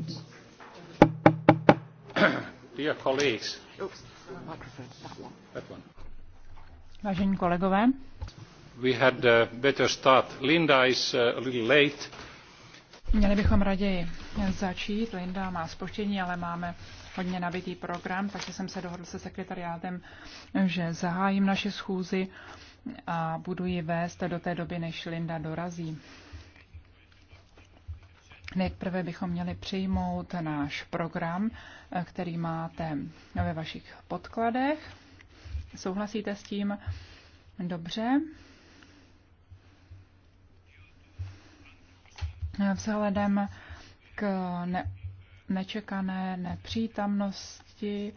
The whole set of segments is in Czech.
Vážení kolegové. We had uh, better start. Linda is uh, a little late. Měli bychom raději začít. Linda má spoštění, ale máme hodně nabitý program, takže jsem se dohodl se sekretariátem, že zahájím naše schůzi a budu ji vést do té doby, než Linda dorazí. Nejprve bychom měli přijmout náš program, eh, který máte ve vašich podkladech. Souhlasíte s tím? Dobře. Vzhledem k ne- nečekané nepřítomnosti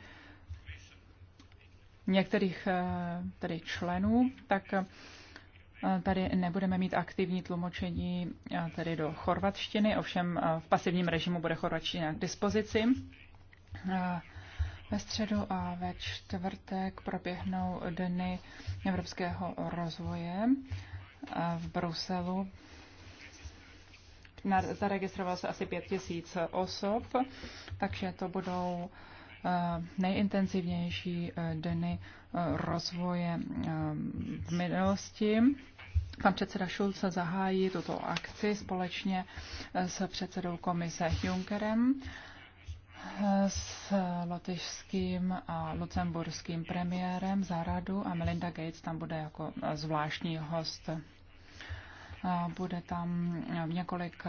některých eh, tedy členů, tak Eh, tady nebudeme mít aktivní tlumočení eh, tedy do chorvatštiny, ovšem eh, v pasivním režimu bude chorvatština k dispozici. Ve středu a ve čtvrtek proběhnou dny evropského rozvoje v Bruselu. Zaregistrovalo se asi pět tisíc osob, takže to budou nejintenzivnější dny rozvoje v minulosti pan předseda Schulz zahájí tuto akci společně s předsedou komise Junckerem s lotyšským a lucemburským premiérem za radu a Melinda Gates tam bude jako zvláštní host. Bude tam několik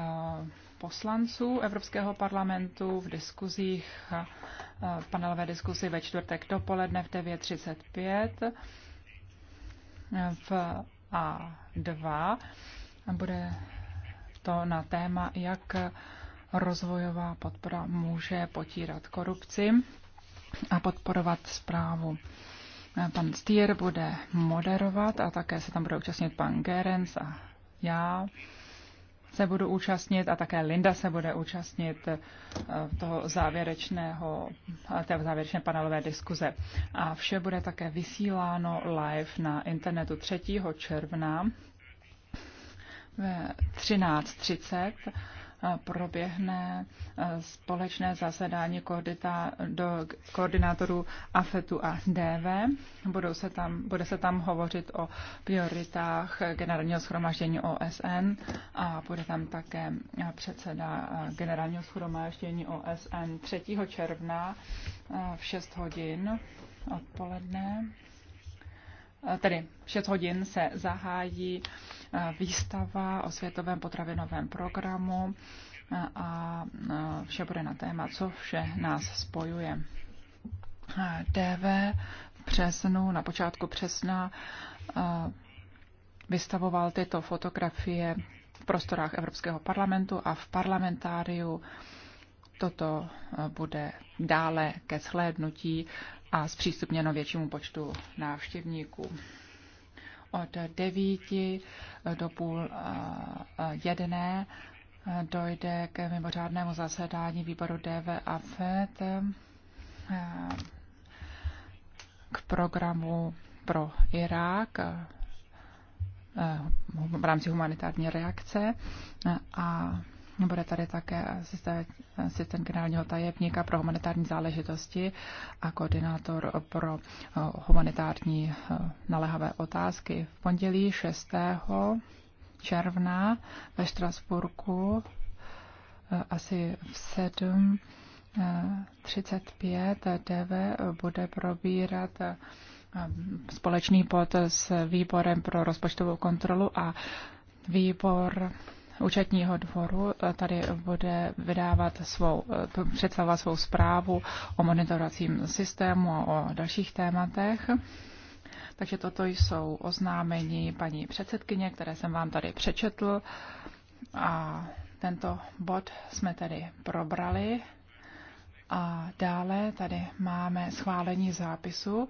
poslanců Evropského parlamentu v diskuzích, v panelové diskuzi ve čtvrtek dopoledne v 9.35 v a 2. Bude to na téma, jak rozvojová podpora může potírat korupci a podporovat zprávu. Pan Stier bude moderovat a také se tam bude účastnit pan Gerens a já se budu účastnit a také Linda se bude účastnit eh, toho závěrečného, eh, té závěrečné panelové diskuze. A vše bude také vysíláno live na internetu 3. června ve 13.30 proběhne společné zasedání do koordinátorů AFETu a DV. Budou se tam, bude se tam hovořit o prioritách generálního schromáždění OSN a bude tam také předseda generálního schromáždění OSN 3. června v 6 hodin odpoledne. Tedy 6 hodin se zahájí výstava o světovém potravinovém programu a vše bude na téma, co vše nás spojuje. DV v přesnu, na počátku přesna, vystavoval tyto fotografie v prostorách Evropského parlamentu a v parlamentáriu toto bude dále ke shlédnutí a zpřístupněno většímu počtu návštěvníků od 9 do půl jedné dojde k mimořádnému zasedání výboru DV a FED k programu pro Irák v rámci humanitární reakce a bude tady také asistent, generálního tajemníka pro humanitární záležitosti a koordinátor pro eh, humanitární eh, naléhavé otázky. V pondělí 6. června ve Štrasburku eh, asi v 7:35 DV bude probírat společný pod s výborem pro rozpočtovou kontrolu a výbor účetního dvoru eh, tady bude vydávat svou, eh, představovat svou zprávu o monitorovacím systému a o dalších tématech. Takže toto jsou oznámení paní předsedkyně, které jsem vám tady přečetl. A tento bod jsme tedy probrali. A dále tady máme schválení zápisu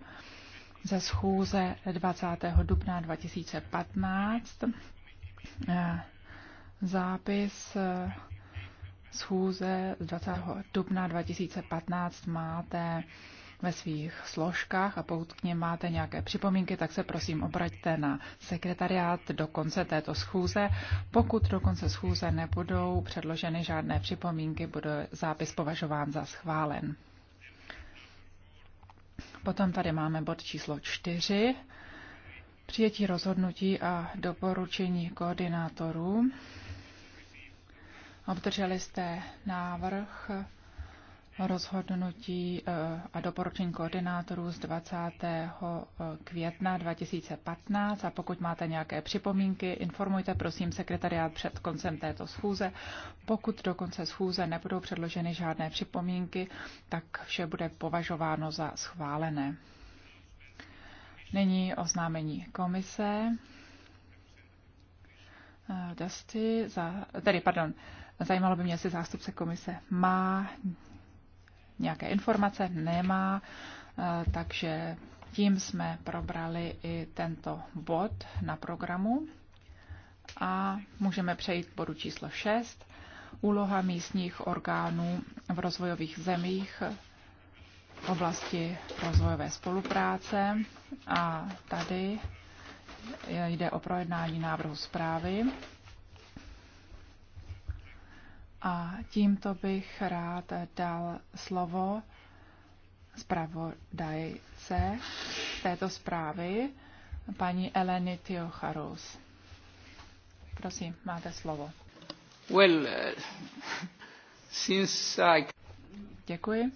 ze schůze 20. dubna 2015. Eh, Zápis eh, schůze 20. dubna 2015 máte ve svých složkách a pokud k něm máte nějaké připomínky, tak se prosím obraťte na sekretariát do konce této schůze. Pokud do konce schůze nebudou předloženy žádné připomínky, bude zápis považován za schválen. Potom tady máme bod číslo 4. Přijetí rozhodnutí a doporučení koordinátorů. Obdrželi jste návrh rozhodnutí eh, a doporučení koordinátorů z 20. Eh, května 2015 a pokud máte nějaké připomínky, informujte prosím sekretariát před koncem této schůze. Pokud do konce schůze nebudou předloženy žádné připomínky, tak vše bude považováno za schválené. Nyní oznámení komise. Eh, Dusty za, tedy pardon, Zajímalo by mě, jestli zástupce komise má nějaké informace, nemá, eh, takže tím jsme probrali i tento bod na programu a můžeme přejít k bodu číslo 6. Úloha místních orgánů v rozvojových zemích v oblasti rozvojové spolupráce. A tady jde o projednání návrhu zprávy a tímto bych rád dal slovo zpravodajce této zprávy, paní Eleny Tiocharus. Prosím, máte slovo. Well, uh, since I... Děkuji.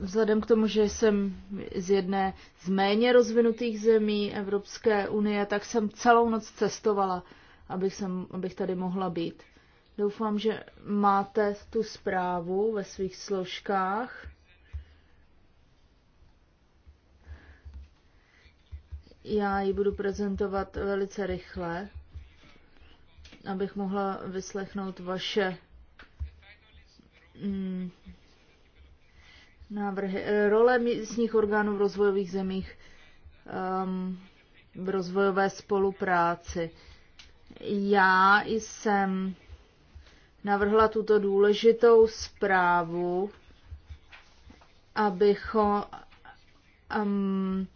Vzhledem k tomu, že jsem z jedné z méně rozvinutých zemí Evropské unie, tak jsem celou noc cestovala, abych, jsem, abych tady mohla být. Doufám, že máte tu zprávu ve svých složkách. Já ji budu prezentovat velice rychle, abych mohla vyslechnout vaše mm, návrhy. Role místních orgánů v rozvojových zemích um, v rozvojové spolupráci. Já jsem navrhla tuto důležitou zprávu, abychom um,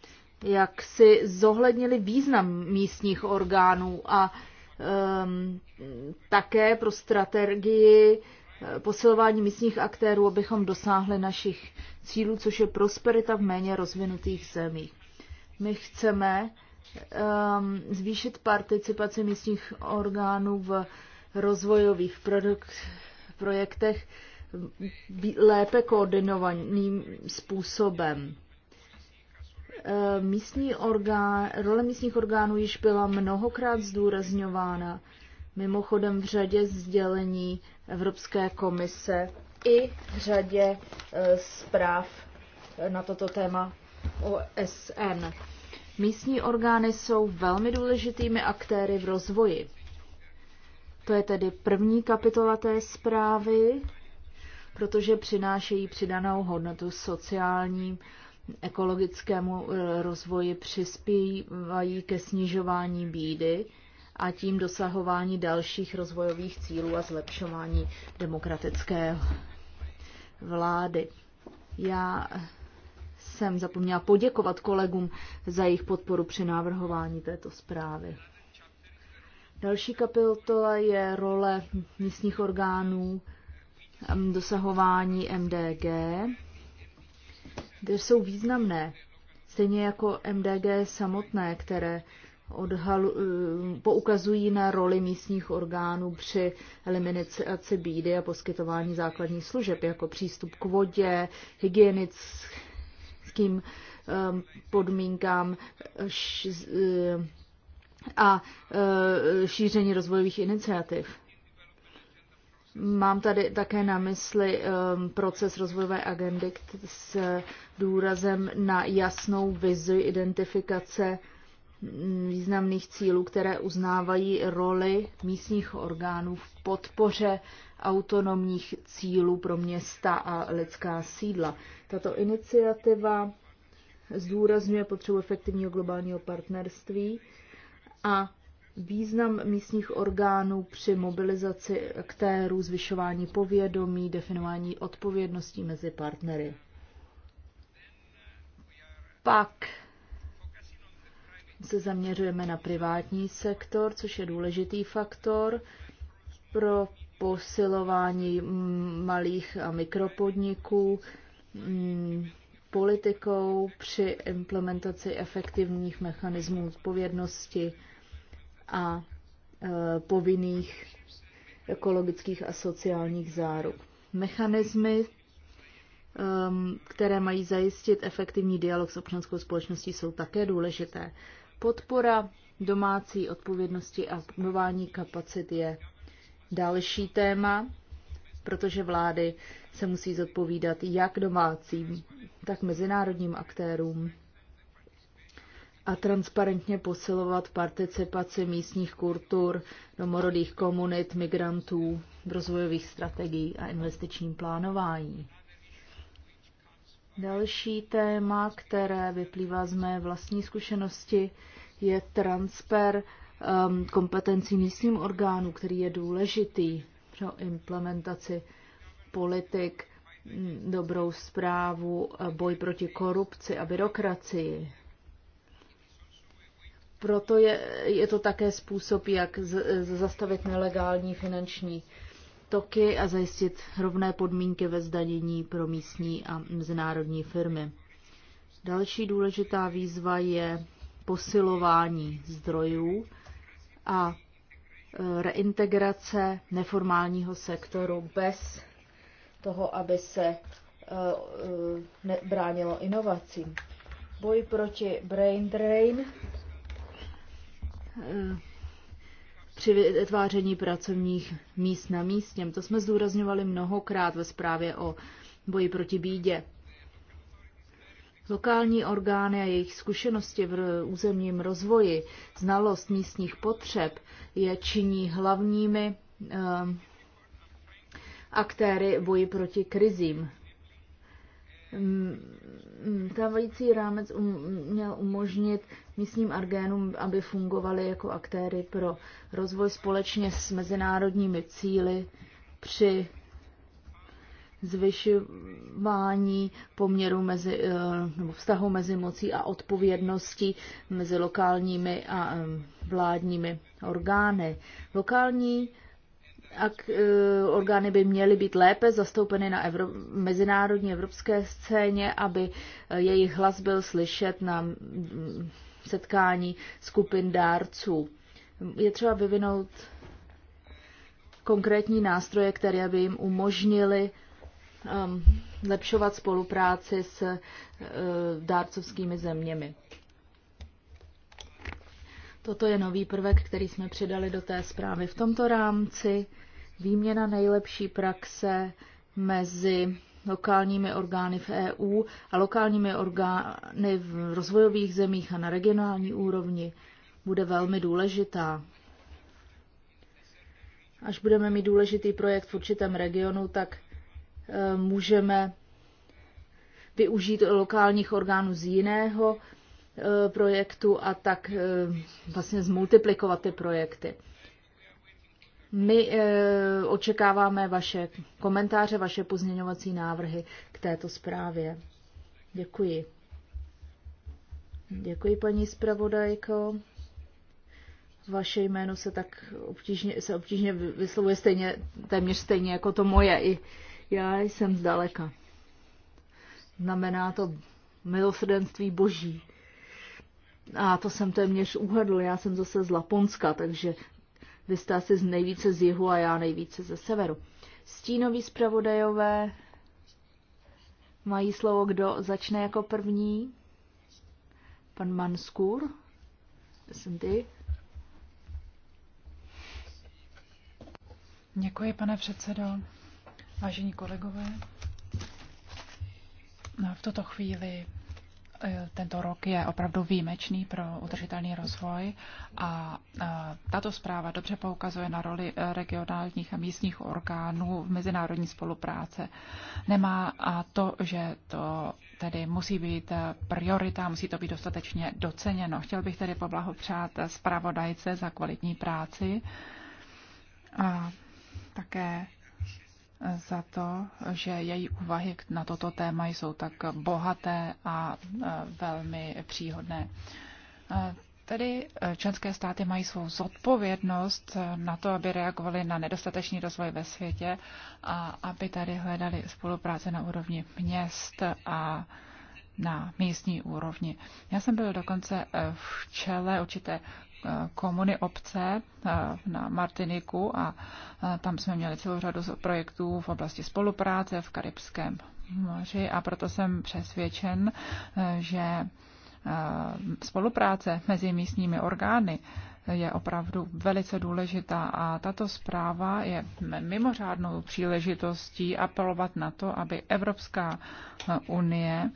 jak si zohlednili význam místních orgánů a um, také pro strategii eh, posilování místních aktérů, abychom dosáhli našich cílů, což je prosperita v méně rozvinutých zemích. My chceme eh, um, zvýšit participaci místních orgánů v rozvojových produkt, projektech lépe koordinovaným způsobem. E, místní orgán, role místních orgánů již byla mnohokrát zdůrazňována, mimochodem v řadě sdělení Evropské komise i v řadě e, zpráv na toto téma OSN. Místní orgány jsou velmi důležitými aktéry v rozvoji. To je tedy první kapitola té zprávy, protože přinášejí přidanou hodnotu sociálním, ekologickému eh, rozvoji, přispívají ke snižování bídy a tím dosahování dalších rozvojových cílů a zlepšování demokratické vlády. Já jsem zapomněla poděkovat kolegům za jejich podporu při návrhování této zprávy. Další kapitola je role místních orgánů dosahování MDG, které jsou významné, stejně jako MDG samotné, které odhalu, eh, poukazují na roli místních orgánů při eliminaci bídy a poskytování základních služeb, jako přístup k vodě, hygienickým podmínkám, eh, a e, šíření rozvojových iniciativ. Mám tady také na mysli e, proces rozvojové agendy s důrazem na jasnou vizi identifikace významných cílů, které uznávají roli místních orgánů v podpoře autonomních cílů pro města a lidská sídla. Tato iniciativa zdůrazňuje potřebu efektivního globálního partnerství, a význam místních orgánů při mobilizaci aktérů, zvyšování povědomí, definování odpovědností mezi partnery. Pak se zaměřujeme na privátní sektor, což je důležitý faktor pro posilování malých a mikropodniků mm, politikou při implementaci efektivních mechanismů odpovědnosti a e, povinných ekologických a sociálních záruk. Mechanismy, e, které mají zajistit efektivní dialog s občanskou společností, jsou také důležité. Podpora domácí odpovědnosti a budování kapacit je další téma, protože vlády se musí zodpovídat jak domácím, tak mezinárodním aktérům a transparentně posilovat participaci místních kultur, domorodých komunit, migrantů v rozvojových strategií a investičním plánování. Další téma, které vyplývá z mé vlastní zkušenosti, je transfer um, kompetencí místním orgánu, který je důležitý pro implementaci politik, dobrou zprávu, boj proti korupci a byrokracii proto je, je to také způsob, jak z, zastavit nelegální finanční toky a zajistit rovné podmínky ve zdanění pro místní a mezinárodní firmy. Další důležitá výzva je posilování zdrojů a e, reintegrace neformálního sektoru bez toho, aby se e, e, bránilo inovacím. Boj proti brain drain Eh, při vytváření pracovních míst na místě. To jsme zdůrazňovali mnohokrát ve zprávě o boji proti bídě. Lokální orgány a jejich zkušenosti v územním rozvoji, znalost místních potřeb je činí hlavními eh, aktéry boji proti krizím. Stávající rámec um, měl umožnit místním argénům, aby fungovaly jako aktéry pro rozvoj společně s mezinárodními cíly při zvyšování poměru mezi, eh, nebo vztahu mezi mocí a odpovědností mezi lokálními a eh, vládními orgány. Lokální ak, eh, orgány by měly být lépe zastoupeny na Evrop- mezinárodní evropské scéně, aby eh, jejich hlas byl slyšet na mm, setkání skupin dárců. Je třeba vyvinout konkrétní nástroje, které by jim umožnily um, lepšovat spolupráci s uh, dárcovskými zeměmi. Toto je nový prvek, který jsme přidali do té zprávy v tomto rámci výměna nejlepší praxe mezi lokálními orgány v EU a lokálními orgány v rozvojových zemích a na regionální úrovni bude velmi důležitá. Až budeme mít důležitý projekt v určitém regionu, tak e, můžeme využít lokálních orgánů z jiného e, projektu a tak e, vlastně zmultiplikovat ty projekty. My e, očekáváme vaše komentáře, vaše pozměňovací návrhy k této zprávě. Děkuji. Děkuji, paní zpravodajko. Vaše jméno se tak obtížně, se obtížně vyslovuje stejně, téměř stejně jako to moje. I já jsem zdaleka. Znamená to milosrdenství boží. A to jsem téměř uhadl, já jsem zase z Laponska, takže vy jste asi z nejvíce z jihu a já nejvíce ze severu. Stínoví zpravodajové mají slovo, kdo začne jako první. Pan Manskur. Jsem ty. Děkuji, pane předsedo. Vážení kolegové, v tuto chvíli Eh, tento rok je opravdu výjimečný pro udržitelný rozvoj a eh, tato zpráva dobře poukazuje na roli eh, regionálních a místních orgánů v mezinárodní spolupráce. Nemá a to, že to tedy musí být priorita, musí to být dostatečně doceněno. Chtěl bych tedy poblahopřát zpravodajce za kvalitní práci a také za to, že její úvahy na toto téma jsou tak bohaté a velmi příhodné. Tedy e, členské státy mají svou zodpovědnost na to, aby reagovali na nedostatečný rozvoj ve světě a aby tady hledali spolupráce na úrovni měst a na místní úrovni. Já jsem byl dokonce v čele určité komuny obce eh, na Martiniku a eh, tam jsme měli celou řadu projektů v oblasti spolupráce v Karibském moři a proto jsem přesvědčen, eh, že spolupráce mezi místními orgány je opravdu velice důležitá a tato zpráva je mimořádnou příležitostí apelovat na to, aby Evropská unie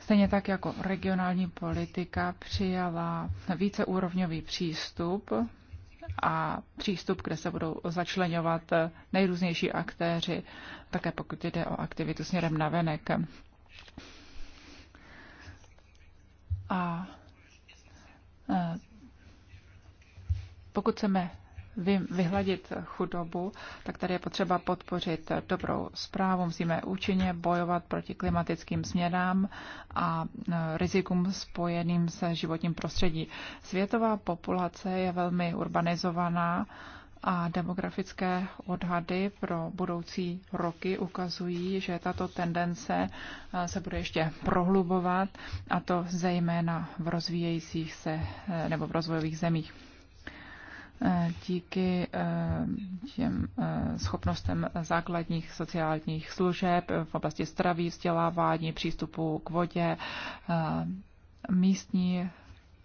Stejně tak jako regionální politika přijala víceúrovňový přístup a přístup, kde se budou začlenovat nejrůznější aktéři, také pokud jde o aktivitu směrem na venek. A e, pokud chceme vy, vyhladit chudobu, tak tady je potřeba podpořit dobrou zprávu. Musíme účinně bojovat proti klimatickým změnám a e, rizikům spojeným se životním prostředí. Světová populace je velmi urbanizovaná a demografické odhady pro budoucí roky ukazují, že tato tendence e, se bude ještě prohlubovat, a to zejména v rozvíjejících se e, nebo v rozvojových zemích. Eh, díky eh, těm eh, schopnostem základních sociálních služeb v oblasti zdraví, vzdělávání, přístupu k vodě, místní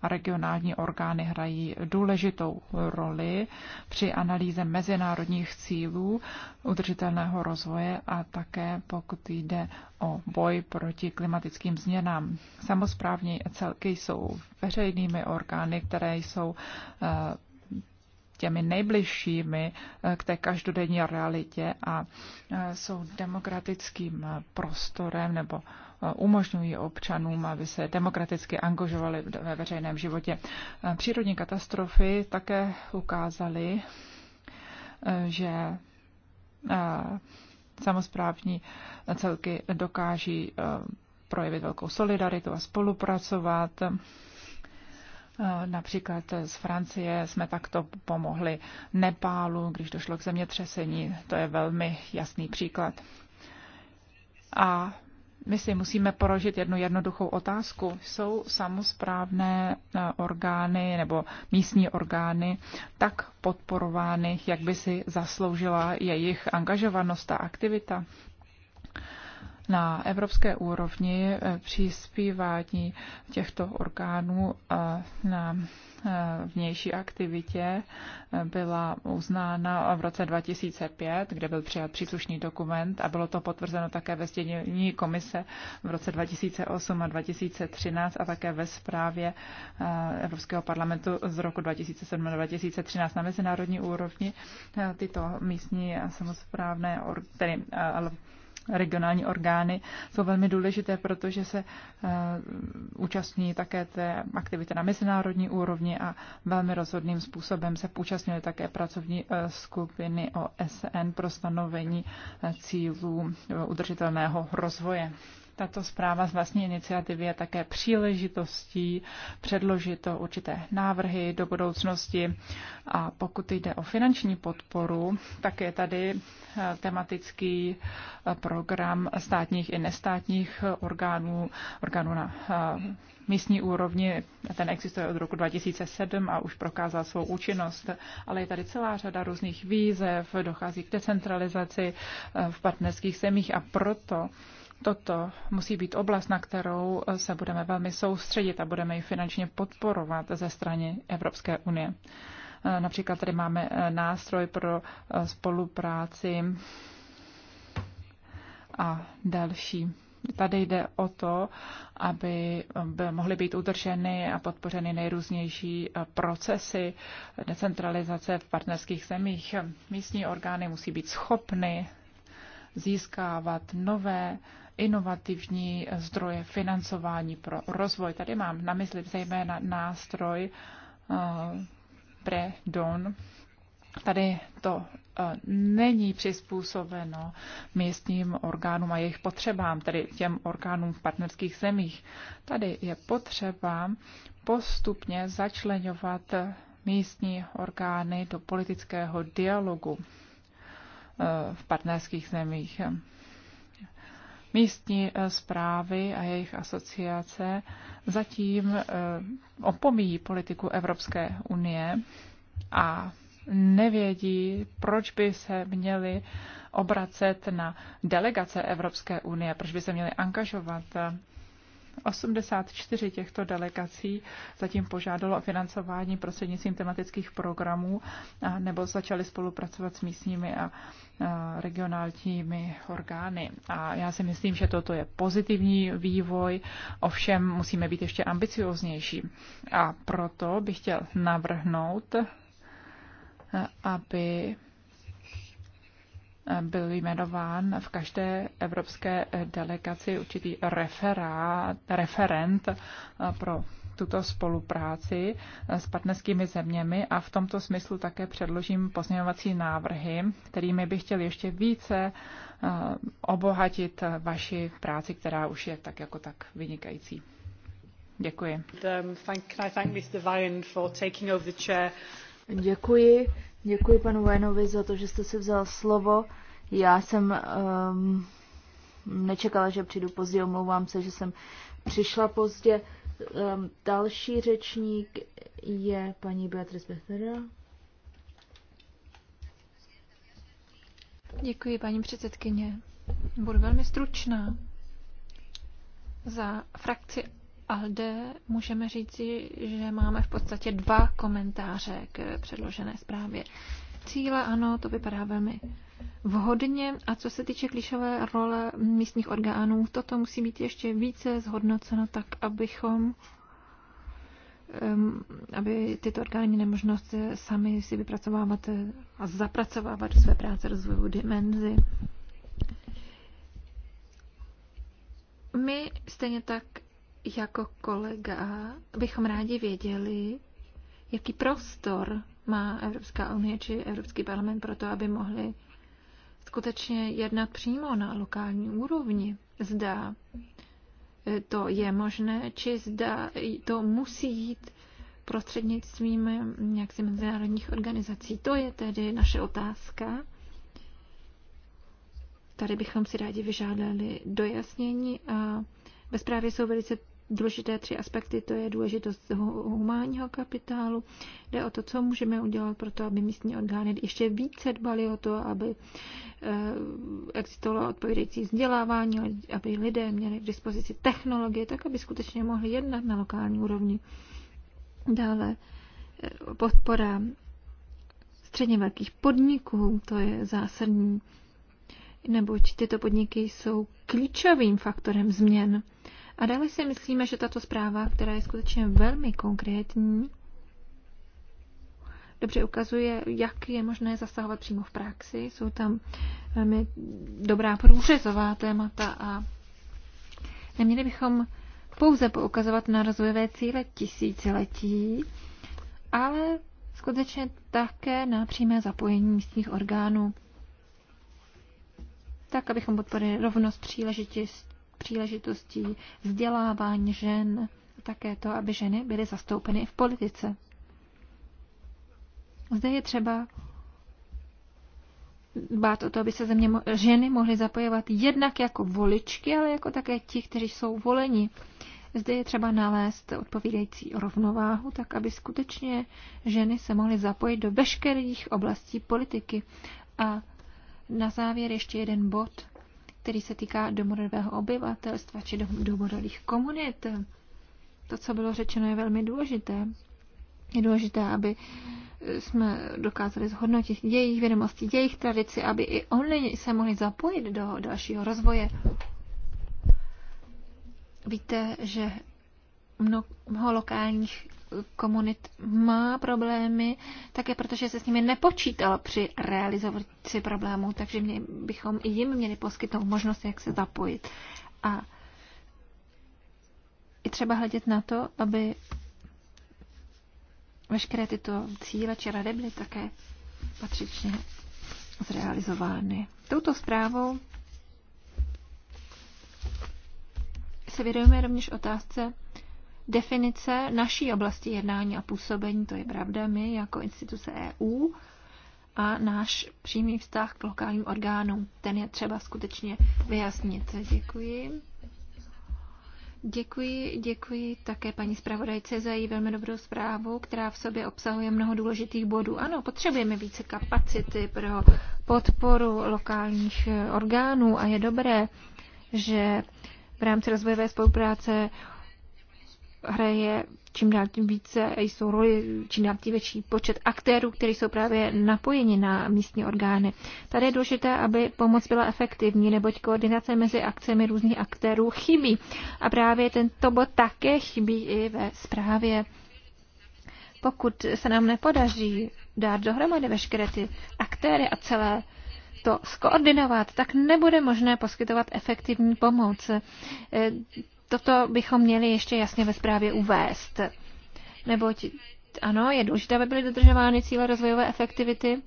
a regionální orgány hrají důležitou roli při analýze mezinárodních cílů udržitelného rozvoje a také pokud jde o boj proti klimatickým změnám. Samozprávní celky jsou veřejnými orgány, které jsou těmi nejbližšími eh, k té každodenní realitě a eh, jsou demokratickým eh, prostorem nebo umožňují občanům, aby se demokraticky angažovali ve veřejném životě. Přírodní katastrofy také ukázaly, že samozprávní celky dokáží projevit velkou solidaritu a spolupracovat. Eh, například z Francie jsme takto pomohli Nepálu, když došlo k zemětřesení. To je velmi jasný příklad. A my si musíme porožit jednu jednoduchou otázku. Jsou samozprávné eh, orgány nebo místní orgány tak podporovány, jak by si zasloužila jejich angažovanost a aktivita? na evropské úrovni eh, přispívání těchto orgánů eh, na eh, vnější aktivitě byla uznána v roce 2005, kde byl přijat příslušný dokument a bylo to potvrzeno také ve stědění komise v roce 2008 a 2013 a také ve zprávě Evropského parlamentu z roku 2007 a 2013 na mezinárodní úrovni. Tyto místní a samozprávné, tedy regionální orgány jsou velmi důležité, protože se eh, účastní také té aktivity na mezinárodní úrovni a velmi rozhodným způsobem se účastnily také pracovní eh, skupiny OSN pro stanovení eh, cílů udržitelného rozvoje tato zpráva z vlastní iniciativy je také příležitostí předložit to určité návrhy do budoucnosti. A pokud jde o finanční podporu, tak je tady eh, tematický eh, program státních i nestátních orgánů, orgánů na eh, místní úrovni. Ten existuje od roku 2007 a už prokázal svou účinnost, ale je tady celá řada různých výzev, dochází k decentralizaci v partnerských zemích a proto Toto musí být oblast, na kterou eh, se budeme velmi soustředit a budeme ji finančně podporovat ze strany Evropské unie. Eh, například tady máme eh, nástroj pro spolupráci a další. Tady jde o to, aby mohly být udrženy a podpořeny nejrůznější procesy decentralizace v partnerských zemích. Místní orgány musí být schopny získávat nové inovativní zdroje financování pro rozvoj. Tady mám na mysli zejména nástroj eh, Pre-Don. Tady to eh, není přizpůsobeno místním orgánům a jejich potřebám, tedy těm orgánům v partnerských zemích. Tady je potřeba postupně začlenovat místní orgány do politického dialogu eh, v partnerských zemích. Místní zprávy eh, a jejich asociace zatím eh, opomíjí politiku Evropské unie a nevědí, proč by se měli obracet na delegace Evropské unie, proč by se měli angažovat eh, 84 těchto delegací zatím požádalo o financování prostřednictvím tematických programů a, nebo začaly spolupracovat s místními a, a regionálními orgány. A já si myslím, že toto je pozitivní vývoj, ovšem musíme být ještě ambicioznější. A proto bych chtěl navrhnout, aby byl jmenován v každé evropské delegaci určitý referát, referent eh, pro tuto spolupráci eh, s partnerskými zeměmi a v tomto smyslu také předložím pozměňovací návrhy, kterými bych chtěl ještě více eh, obohatit vaši práci, která už je tak jako tak vynikající. Děkuji. Um, Děkuji. Děkuji panu Vajnovi za to, že jste si vzal slovo. Já jsem um, nečekala, že přijdu pozdě, omlouvám se, že jsem přišla pozdě. Um, další řečník je paní Beatrice Bethera. Děkuji, paní předsedkyně. Budu velmi stručná. Za frakci ALDE můžeme říci, že máme v podstatě dva komentáře k předložené zprávě. Cíle, ano, to vypadá velmi vhodně. A co se týče klíšové role místních orgánů, toto musí být ještě více zhodnoceno tak, abychom aby tyto orgány nemožnost sami si vypracovávat a zapracovávat do své práce rozvoju dimenzi. My stejně tak jako kolega bychom rádi věděli, jaký prostor má Evropská unie či Evropský parlament pro to, aby mohli skutečně jednat přímo na lokální úrovni. Zda e, to je možné, či zda to musí jít prostřednictvím nějakých e, mezinárodních organizací. To je tedy naše otázka. Tady bychom si rádi vyžádali dojasnění a bezprávě jsou velice důležité tři aspekty. To je důležitost humánního kapitálu. Jde o to, co můžeme udělat pro to, aby místní orgány ještě více dbali o to, aby eh, existovalo odpovídající vzdělávání, aby lidé měli k dispozici technologie, tak aby skutečně mohli jednat na lokální úrovni. Dále eh, podpora středně velkých podniků, to je zásadní, neboť tyto podniky jsou klíčovým faktorem změn. A dále si myslíme, že tato zpráva, která je skutečně velmi konkrétní, dobře ukazuje, jak je možné zasahovat přímo v praxi. Jsou tam velmi dobrá průřezová témata a neměli bychom pouze poukazovat na rozvojové cíle tisíciletí, ale skutečně také na přímé zapojení místních orgánů, tak abychom podporili rovnost příležitost příležitostí, vzdělávání žen, také to, aby ženy byly zastoupeny i v politice. Zde je třeba dbát o to, aby se země mo- ženy mohly zapojovat jednak jako voličky, ale jako také ti, kteří jsou voleni. Zde je třeba nalézt odpovídající rovnováhu, tak aby skutečně ženy se mohly zapojit do veškerých oblastí politiky. A na závěr ještě jeden bod který se týká domorodého obyvatelstva či domorodých komunit. To, co bylo řečeno, je velmi důležité. Je důležité, aby eh, jsme dokázali zhodnotit jejich vědomosti, jejich tradici, aby i oni se mohli zapojit do dalšího rozvoje. Víte, že mnoho lokálních komunit má problémy, také protože se s nimi nepočítalo při realizaci problémů, takže mě, bychom i jim měli poskytnout možnost, jak se zapojit. A i třeba hledět na to, aby veškeré tyto cíle či rady byly také patřičně zrealizovány. Touto zprávou se věnujeme rovněž otázce definice naší oblasti jednání a působení, to je pravda, my jako instituce EU a náš přímý vztah k lokálním orgánům. Ten je třeba skutečně vyjasnit. Děkuji. Děkuji, děkuji také paní zpravodajce za její velmi dobrou zprávu, která v sobě obsahuje mnoho důležitých bodů. Ano, potřebujeme více kapacity pro podporu lokálních orgánů a je dobré, že v rámci rozvojové spolupráce hraje čím dál tím více, jsou roli čím dál tím větší počet aktérů, kteří jsou právě napojeni na místní orgány. Tady je důležité, aby pomoc byla efektivní, neboť koordinace mezi akcemi různých aktérů chybí. A právě tento bod také chybí i ve zprávě. Pokud se nám nepodaří dát dohromady veškeré ty aktéry a celé to skoordinovat, tak nebude možné poskytovat efektivní pomoc toto bychom měli ještě jasně ve zprávě uvést. Neboť ano, je důležité, aby byly dodržovány cíle rozvojové efektivity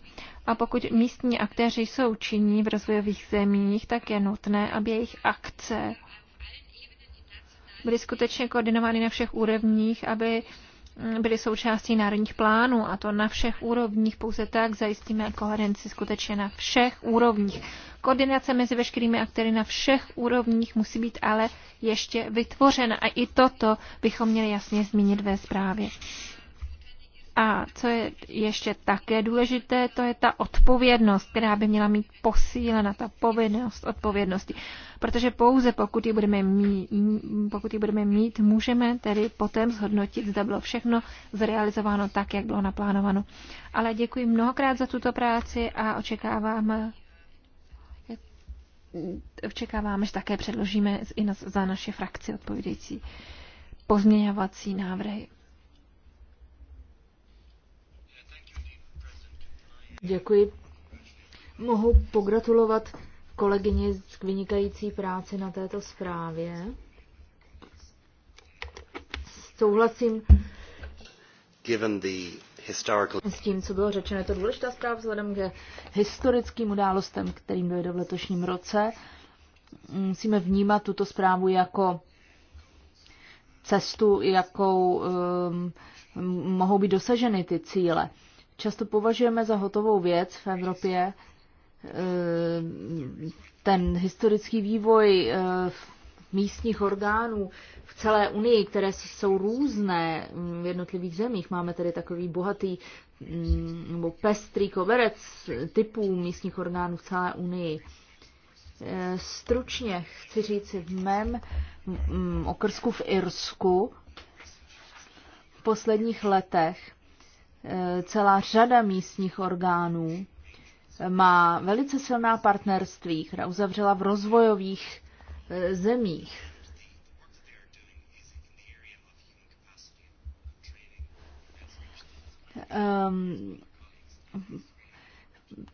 a pokud místní aktéři jsou činní v rozvojových zemích, tak je nutné, aby jejich akce byly skutečně koordinovány na všech úrovních, aby byly součástí národních plánů a to na všech úrovních. Pouze tak zajistíme koherenci skutečně na všech úrovních. Koordinace mezi veškerými aktéry na všech úrovních musí být ale ještě vytvořena a i toto bychom měli jasně zmínit ve zprávě. A co je ještě také důležité, to je ta odpovědnost, která by měla mít posílena, ta povinnost odpovědnosti. Protože pouze pokud ji budeme mít, pokud ji budeme mít můžeme tedy potom zhodnotit, zda bylo všechno zrealizováno tak, jak bylo naplánováno. Ale děkuji mnohokrát za tuto práci a očekávám, očekávám, že také předložíme i za naše frakci odpovědějící pozměňovací návrhy. Děkuji. Mohu pogratulovat kolegyni k vynikající práci na této zprávě. Souhlasím Given the historical... s tím, co bylo řečeno. Je to důležitá zpráva vzhledem k historickým událostem, kterým dojde v letošním roce. Musíme vnímat tuto zprávu jako cestu, jakou um, mohou být dosaženy ty cíle často považujeme za hotovou věc v Evropě. Eh, ten historický vývoj eh, místních orgánů v celé Unii, které jsou různé mm, v jednotlivých zemích. Máme tedy takový bohatý mm, nebo pestrý koverec typů místních orgánů v celé Unii. Eh, stručně chci říct, v mém mm, okrsku v Irsku v posledních letech celá řada místních orgánů má velice silná partnerství, která uzavřela v rozvojových e, zemích. Um,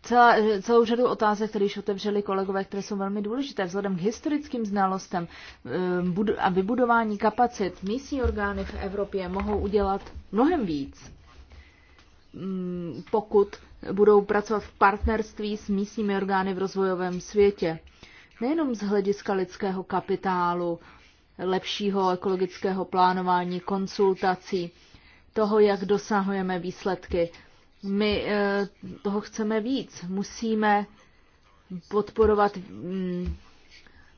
celá, celou řadu otázek, které již otevřeli kolegové, které jsou velmi důležité vzhledem k historickým znalostem ehm, a vybudování kapacit. Místní orgány v Evropě mohou udělat mnohem víc. Mm, pokud budou pracovat v partnerství s místními orgány v rozvojovém světě. Nejenom z hlediska lidského kapitálu, lepšího ekologického plánování, konsultací, toho, jak dosahujeme výsledky. My eh, toho chceme víc. Musíme podporovat mm,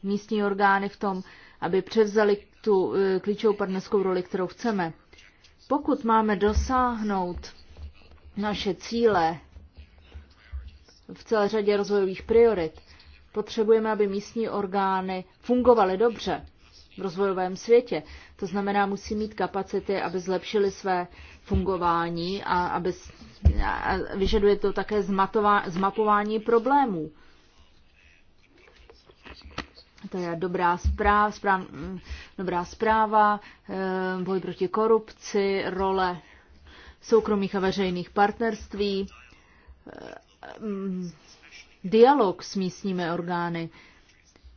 místní orgány v tom, aby převzali tu eh, klíčovou partnerskou roli, kterou chceme. Pokud máme dosáhnout naše cíle v celé řadě rozvojových priorit, potřebujeme, aby místní orgány fungovaly dobře v rozvojovém světě. To znamená, musí mít kapacity, aby zlepšili své fungování a aby a vyžaduje to také zmatová, zmapování problémů. To je dobrá zpráva, správ, mm, dobrá zpráva, eh, boj proti korupci, role soukromých a veřejných partnerství, eh, mm, dialog s místními orgány,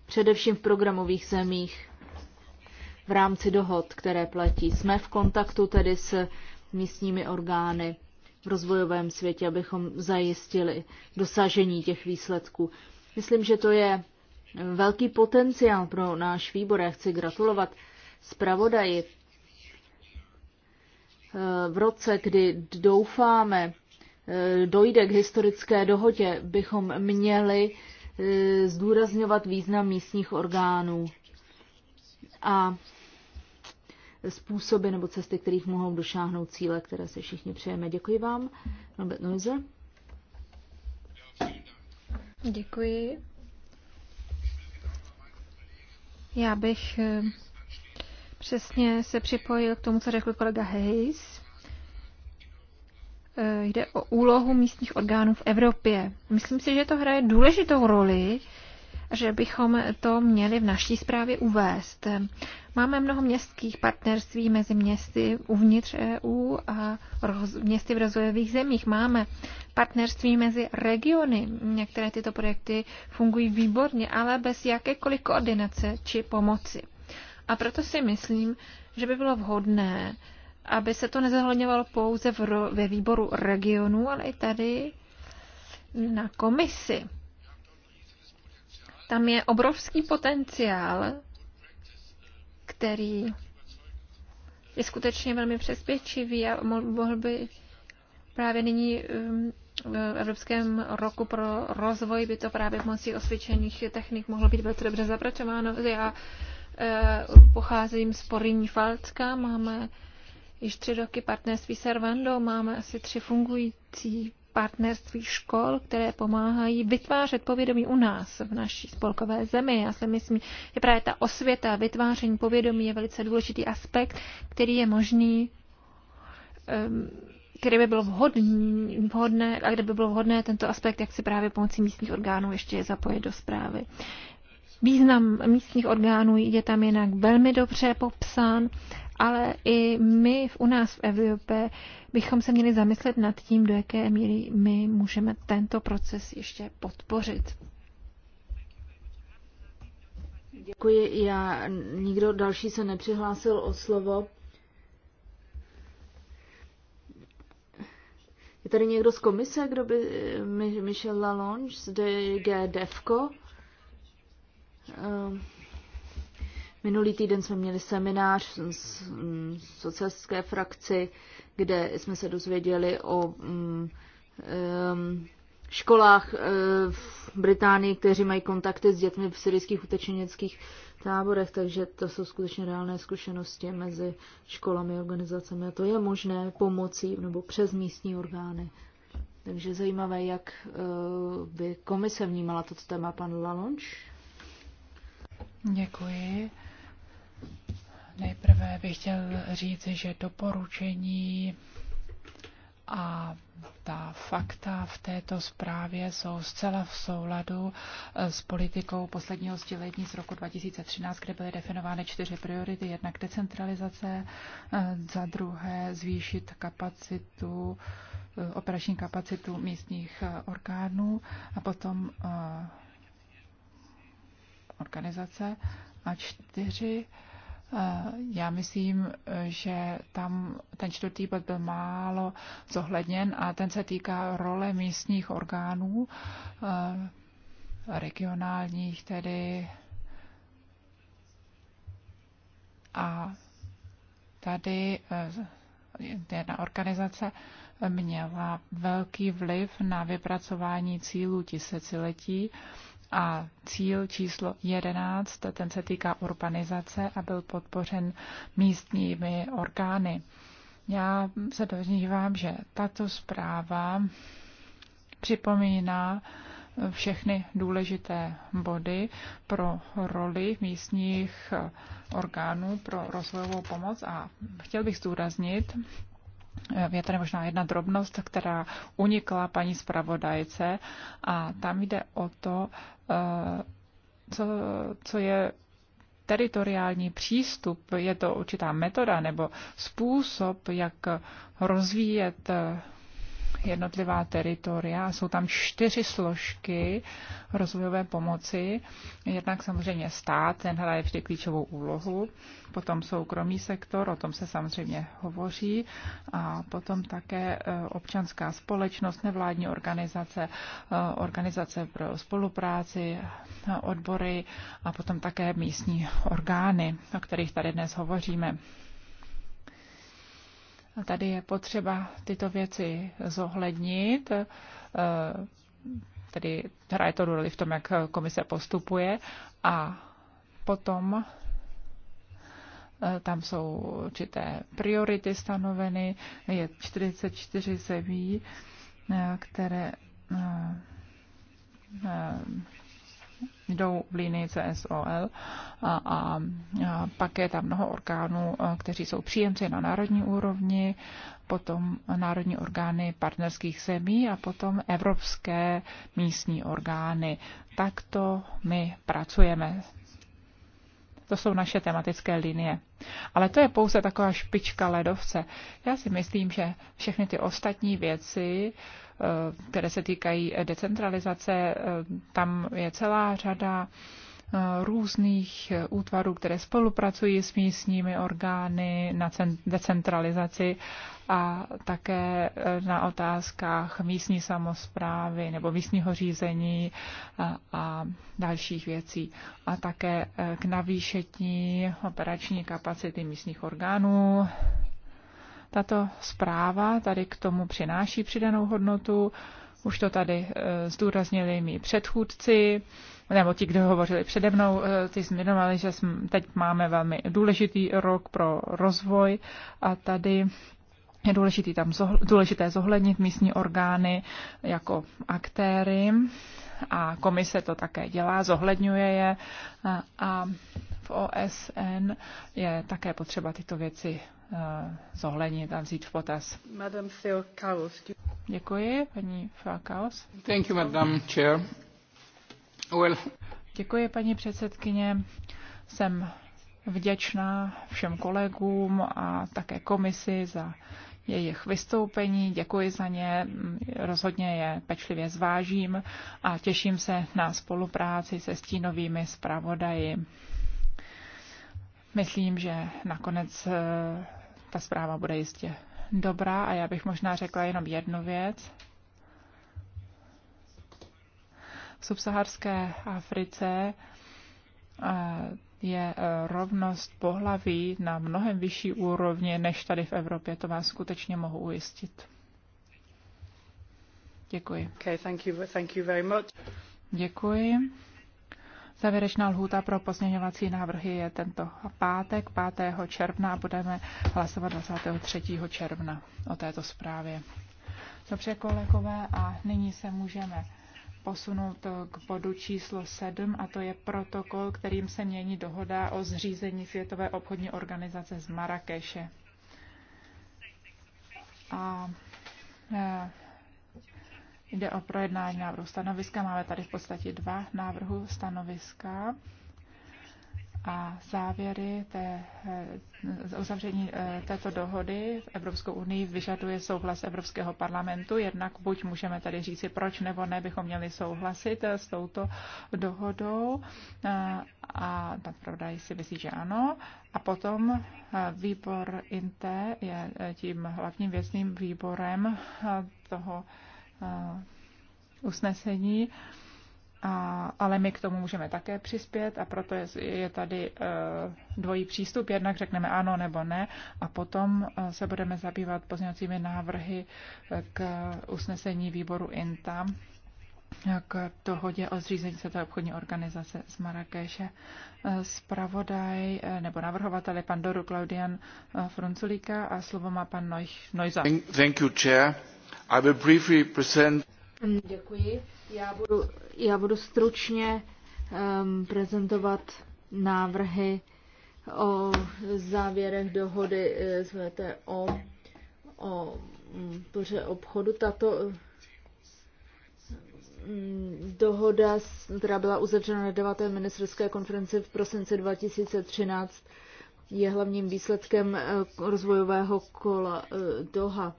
především v programových zemích v rámci dohod, které platí. Jsme v kontaktu tedy s místními orgány v rozvojovém světě, abychom zajistili dosažení těch výsledků. Myslím, že to je velký potenciál pro náš výbor. Já chci gratulovat zpravodaji Eh, v roce, kdy doufáme, eh, dojde k historické dohodě, bychom měli eh, zdůrazňovat význam místních orgánů a způsoby nebo cesty, kterých mohou došáhnout cíle, které se všichni přejeme. Děkuji vám. Robert Noiser. Děkuji. Já bych Přesně se připojil k tomu, co řekl kolega Hayes. Eh, jde o úlohu místních orgánů v Evropě. Myslím si, že to hraje důležitou roli, že bychom to měli v naší zprávě uvést. Máme mnoho městských partnerství mezi městy uvnitř EU a roz, městy v rozvojových zemích. Máme partnerství mezi regiony. Některé tyto projekty fungují výborně, ale bez jakékoliv koordinace či pomoci. A proto si myslím, že by bylo vhodné, aby se to nezahledňovalo pouze v, ve výboru regionů, ale i tady na komisi. Tam je obrovský potenciál, který je skutečně velmi přesvědčivý a mohl by právě nyní um, v Evropském roku pro rozvoj by to právě pomocí osvědčených technik mohlo být velice dobře zapracováno. Já Eh, pocházím z Poryní Falcka, máme již tři roky partnerství s Arvandou, máme asi tři fungující partnerství škol, které pomáhají vytvářet povědomí u nás, v naší spolkové zemi. Já si myslím, že právě ta osvěta, vytváření povědomí je velice důležitý aspekt, který je možný, ehm, který by bylo vhodný, vhodné, a kde by bylo vhodné tento aspekt, jak si právě pomocí místních orgánů ještě je zapojit do zprávy. Význam místních orgánů je tam jinak velmi dobře popsán, ale i my u nás v Evropě bychom se měli zamyslet nad tím, do jaké míry my můžeme tento proces ještě podpořit. Děkuji. Já, nikdo další se nepřihlásil o slovo. Je tady někdo z komise, kdo by Michel Lalonge z DG Devco? Eh, minulý týden jsme měli seminář s socialistické frakci, kde jsme se dozvěděli o mm, školách eh, v Británii, kteří mají kontakty s dětmi v syrijských utečeneckých táborech, takže to jsou skutečně reálné zkušenosti mezi školami a organizacemi. A to je možné pomocí nebo přes místní orgány. Takže zajímavé, jak eh, by komise vnímala toto téma pan Lalonč. Děkuji. Nejprve bych chtěl říct, že doporučení a ta fakta v této zprávě jsou zcela v souladu eh, s politikou posledního sdělení z roku 2013, kde byly definovány čtyři priority. Jednak decentralizace, eh, za druhé zvýšit kapacitu, eh, operační kapacitu místních orgánů a potom organizace a čtyři. Eh, já myslím, že tam ten čtvrtý bod byl málo zohledněn a ten se týká role místních orgánů, eh, regionálních tedy. A tady eh, jedna organizace měla velký vliv na vypracování cílů tisíciletí a cíl číslo 11, ten se týká urbanizace a byl podpořen místními orgány. Já se domnívám, že tato zpráva připomíná všechny důležité body pro roli místních orgánů pro rozvojovou pomoc a chtěl bych zdůraznit, je tady možná jedna drobnost, která unikla paní zpravodajce a tam jde o to, Eh, co, co je teritoriální přístup, je to určitá metoda nebo způsob, jak rozvíjet eh, jednotlivá teritoria. Jsou tam čtyři složky rozvojové pomoci. Jednak samozřejmě stát, ten hraje vždy klíčovou úlohu. Potom soukromý sektor, o tom se samozřejmě hovoří. A potom také e, občanská společnost, nevládní organizace, e, organizace pro spolupráci, e, odbory a potom také místní orgány, o kterých tady dnes hovoříme. Tady je potřeba tyto věci zohlednit, eh, tedy hraje to roli v tom, jak komise postupuje a potom eh, tam jsou určité priority stanoveny, je 44 zemí, eh, které jdou v linii CSOL a, a, a pak je tam mnoho orgánů, eh, kteří jsou příjemci na národní úrovni, potom národní orgány partnerských zemí a potom evropské místní orgány. Takto my pracujeme. To jsou naše tematické linie. Ale to je pouze taková špička ledovce. Já si myslím, že všechny ty ostatní věci uh, Eh, které se týkají decentralizace. Eh, tam je celá řada eh, různých útvarů, které spolupracují s místními orgány na decentralizaci a také na otázkách místní samozprávy nebo místního řízení a, a dalších věcí. A také k navýšení operační kapacity místních orgánů tato zpráva tady k tomu přináší přidanou hodnotu. Už to tady eh, zdůraznili mý předchůdci, nebo ti, kdo hovořili přede mnou, eh, ty zmiňovali, že jsme teď máme velmi důležitý rok pro rozvoj a tady je důležitý tam zohl, důležité zohlednit místní orgány jako aktéry a komise to také dělá, zohledňuje je a v OSN je také potřeba tyto věci eh, zohlednit a vzít v potaz. Děkuji, paní Falkaus. Thank you, Madam Chair. Well. Děkuji, paní předsedkyně. Jsem vděčná všem kolegům a také komisi za jejich vystoupení, děkuji za ně, rozhodně je pečlivě zvážím a těším se na spolupráci se stínovými zpravodaji. Myslím, že nakonec eh, ta zpráva bude jistě dobrá a já bych možná řekla jenom jednu věc. V subsaharské Africe eh, je eh, rovnost pohlaví na mnohem vyšší úrovni než tady v Evropě. To vás skutečně mohu ujistit. Děkuji. Okay, thank you, thank you very much. Děkuji. Závěrečná lhůta pro pozměňovací návrhy je tento pátek, 5. června a budeme hlasovat 23. června o této zprávě. Dobře, kolegové, a nyní se můžeme posunout k bodu číslo 7, a to je protokol, kterým se mění dohoda o zřízení Světové obchodní organizace z Marrakeše. A e, jde o projednání návrhu stanoviska. Máme tady v podstatě dva návrhu stanoviska a závěry té, eh, uzavření eh, této dohody v Evropskou unii vyžaduje souhlas Evropského parlamentu, jednak buď můžeme tady říci, proč nebo ne bychom měli souhlasit eh, s touto dohodou a pan Prodaj si myslí, že ano. A potom výbor INTE je tím hlavním věcným výborem toho usnesení a, ale my k tomu můžeme také přispět a proto je, je tady e, dvojí přístup. Jednak řekneme ano nebo ne a potom e, se budeme zabývat pozměňovacími návrhy e, k usnesení výboru INTA e, k dohodě o zřízení té obchodní organizace z Marrakeše. Spravodaj e, nebo navrhovatel je pan Doru Claudian Frunculíka a slovo má pan Noj, Nojza. Thank you, chair. I will briefly present Děkuji. Já budu, já budu stručně um, prezentovat návrhy o závěrech dohody eh, z VTO o poře mm, obchodu. Tato mm, dohoda, která byla uzavřena na 9. ministerské konferenci v prosinci 2013, je hlavním výsledkem eh, rozvojového kola eh, Doha.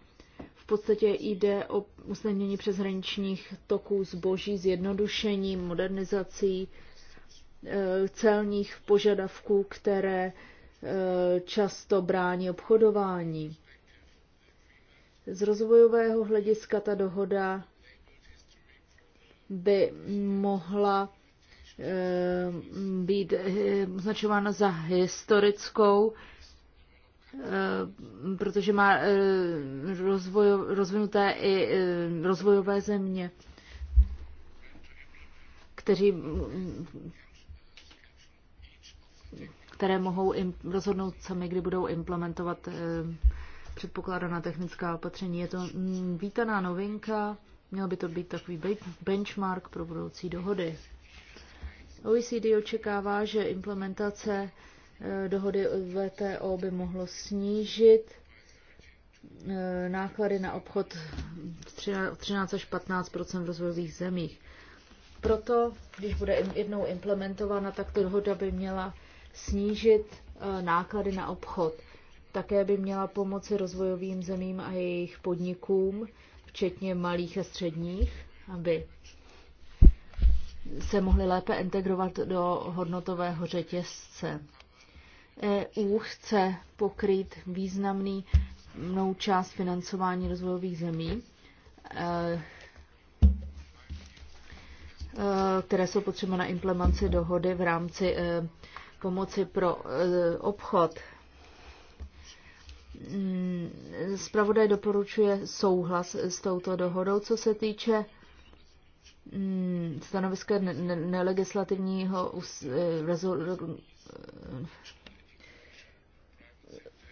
V podstatě jde o usnadnění přeshraničních toků zboží, zjednodušení, modernizací e, celních požadavků, které e, často brání obchodování. Z rozvojového hlediska ta dohoda by mohla e, být označována za historickou Eh, protože má eh, rozvoj, rozvinuté i eh, rozvojové země, kteří, které mohou rozhodnout sami, kdy budou implementovat předpokládaná technická opatření. Je to mm, vítaná novinka, měl by to být takový benchmark pro budoucí dohody. OECD očekává, že implementace Eh, dohody VTO by mohlo snížit eh, náklady na obchod 13 až 15 v rozvojových zemích. Proto, když bude jednou implementována, tak ta dohoda by měla snížit eh, náklady na obchod. Také by měla pomoci rozvojovým zemím a jejich podnikům, včetně malých a středních, aby se mohly lépe integrovat do hodnotového řetězce. EU chce pokrýt významný mnou část financování rozvojových zemí, e, e, které jsou potřeba na implementaci dohody v rámci e, pomoci pro obchod. Spravodaj mm, doporučuje souhlas s touto dohodou, co se týče mm, stanoviska nelegislativního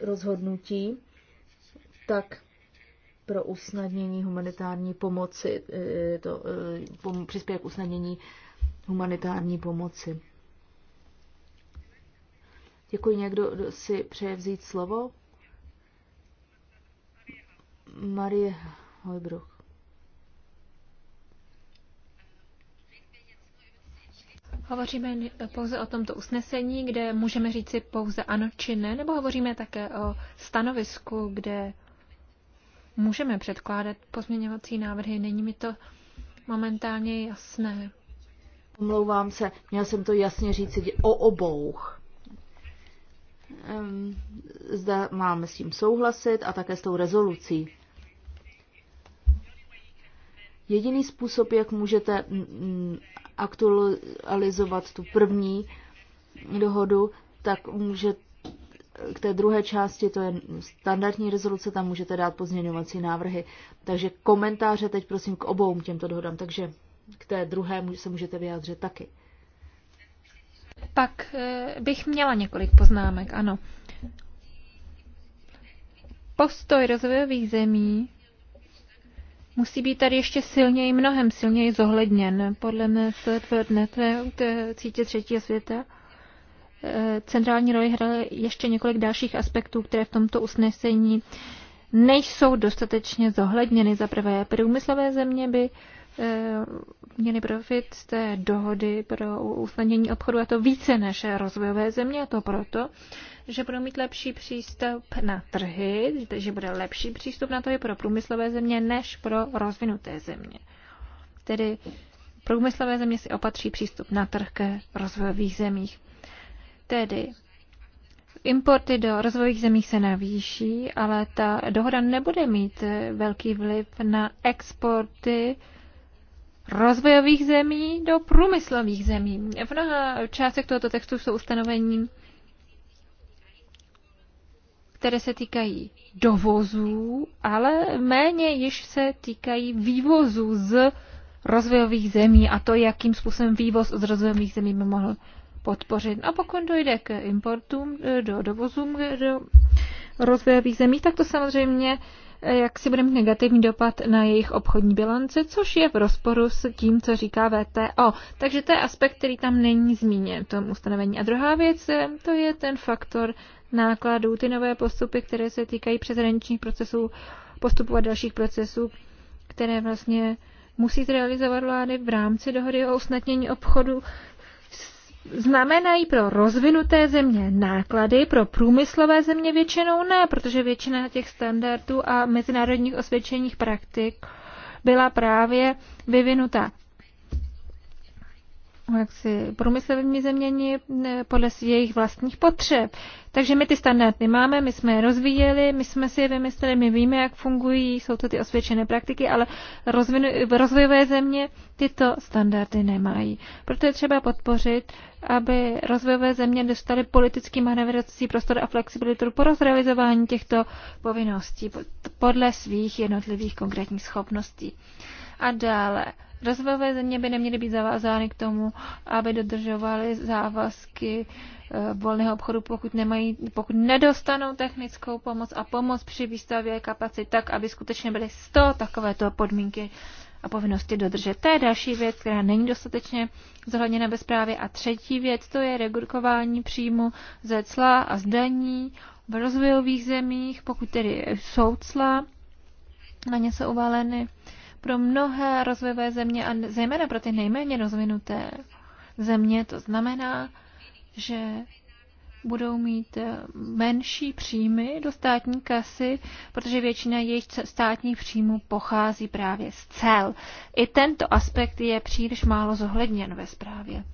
rozhodnutí, tak pro usnadnění humanitární pomoci, eh, to eh, pom, přispěje k usnadnění humanitární pomoci. Děkuji. Někdo si přeje vzít slovo? Marie Hojbruch. Hovoříme pouze o tomto usnesení, kde můžeme říci pouze ano či ne, nebo hovoříme také o stanovisku, kde můžeme předkládat pozměňovací návrhy. Není mi to momentálně jasné. Omlouvám se, měl jsem to jasně říci o obou. Zde máme s tím souhlasit a také s tou rezolucí. Jediný způsob, jak můžete mm, mm, aktualizovat tu první dohodu, tak může k té druhé části, to je standardní rezoluce, tam můžete dát pozměňovací návrhy. Takže komentáře teď prosím k obou těmto dohodám, takže k té druhé se můžete vyjádřit taky. Pak eh, bych měla několik poznámek, ano. Postoj rozvojových zemí musí být tady ještě silněji, mnohem silněji zohledněn. Podle mne v cítě třetího světa eh, centrální roli hraje ještě několik dalších aspektů, které v tomto usnesení nejsou dostatečně zohledněny. Za prvé, průmyslové země by Eh, měli profit z té dohody pro usnadnění obchodu, a to více než rozvojové země, a to proto, že budou mít lepší přístup na trhy, že bude lepší přístup na trhy pro průmyslové země než pro rozvinuté země. Tedy průmyslové země si opatří přístup na trh ke rozvojových zemích. Tedy importy do rozvojových zemí se navýší, ale ta dohoda nebude mít velký vliv na exporty rozvojových zemí do průmyslových zemí. V mnoha částech tohoto textu jsou ustanovení, které se týkají dovozů, ale méně již se týkají vývozů z rozvojových zemí a to, jakým způsobem vývoz z rozvojových zemí by mohl podpořit. A pokud dojde k importům, do dovozům do rozvojových zemí, tak to samozřejmě jak si bude mít negativní dopad na jejich obchodní bilance, což je v rozporu s tím, co říká VTO. Takže to je aspekt, který tam není zmíněn v tom ustanovení. A druhá věc, to je ten faktor nákladů, ty nové postupy, které se týkají přeshraničních procesů, postupů a dalších procesů, které vlastně musí zrealizovat vlády v rámci dohody o usnadnění obchodu znamenají pro rozvinuté země náklady, pro průmyslové země většinou ne, protože většina těch standardů a mezinárodních osvědčených praktik byla právě vyvinuta jaksi průmyslovými zeměmi podle jejich vlastních potřeb. Takže my ty standardy máme, my jsme je rozvíjeli, my jsme si je vymysleli, my víme, jak fungují, jsou to ty osvědčené praktiky, ale rozvinu, rozvojové země tyto standardy nemají. Proto je třeba podpořit, aby rozvojové země dostaly politický manevrací prostor a flexibilitu pro zrealizování těchto povinností podle svých jednotlivých konkrétních schopností. A dále Rozvojové země by neměly být zavázány k tomu, aby dodržovaly závazky eh, volného obchodu, pokud, nemají, pokud nedostanou technickou pomoc a pomoc při výstavě kapacit tak, aby skutečně byly 100 takovéto podmínky a povinnosti dodržet. To je další věc, která není dostatečně zohledněna ve zprávě. A třetí věc, to je regulování příjmu ze cla a zdaní v rozvojových zemích, pokud tedy jsou cla na ně se uvaleny pro mnohé rozvojové země a zejména pro ty nejméně rozvinuté země to znamená, že budou mít eh, menší příjmy do státní kasy, protože většina jejich státních příjmů pochází právě z cel. I tento aspekt je příliš málo zohledněn ve zprávě.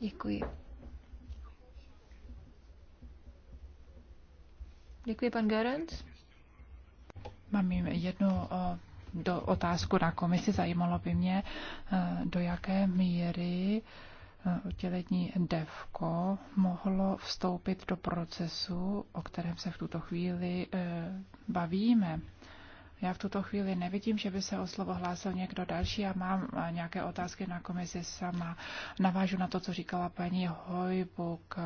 Děkuji. Děkuji, pan Gerenc. Mám jim jednu eh, do otázku na komisi. Zajímalo by mě, eh, do jaké míry eh, oddělení DEVKO mohlo vstoupit do procesu, o kterém se v tuto chvíli eh, bavíme. Já v tuto chvíli nevidím, že by se o slovo hlásil někdo další. Já mám nějaké otázky na komisi sama. Navážu na to, co říkala paní Hojbuk.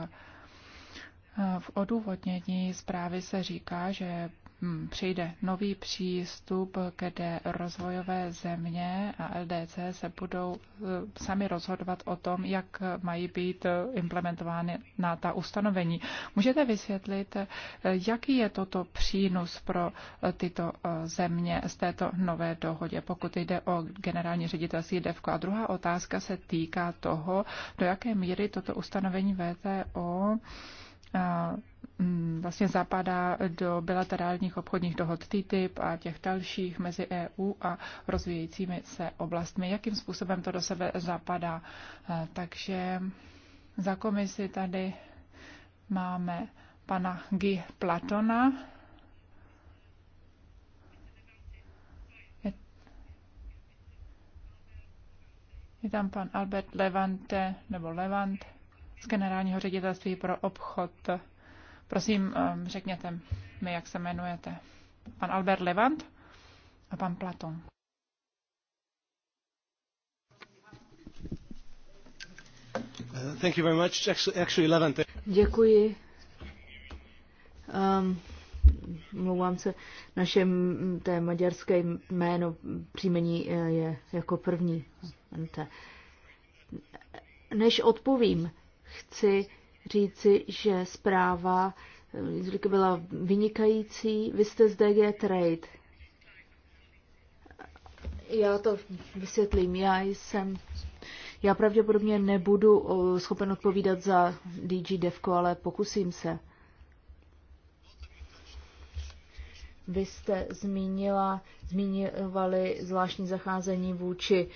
V odůvodnění zprávy se říká, že Hmm, přijde nový přístup, kde rozvojové země a LDC se budou eh, sami rozhodovat o tom, jak mají být eh, implementovány na ta ustanovení. Můžete vysvětlit, eh, jaký je toto přínos pro tyto země z této nové dohodě, pokud jde o generální ředitelství DEVKO. A druhá otázka se týká toho, do jaké míry toto ustanovení VTO Mm, vlastně zapadá do bilaterálních obchodních dohod TTIP a těch dalších mezi EU a rozvíjejícími se oblastmi, jakým způsobem to do sebe zapadá. Takže za komisi tady máme pana Guy Platona. Je tam pan Albert Levante, nebo Levant z Generálního ředitelství pro obchod. Prosím, um, řekněte mi, jak se jmenujete. Pan Albert Levant a pan Platon. Uh, thank you very much. Actually, Levant. Děkuji. Um, mluvám se, naše té maďarské jméno, příjmení eh, je jako první. Než odpovím, chci říci, že zpráva eh, byla vynikající. Vy jste z DG Trade. Já to vysvětlím. Já jsem já pravděpodobně nebudu eh, schopen odpovídat za DG Devko, ale pokusím se. Vy jste zmínila, zmínili zvláštní zacházení vůči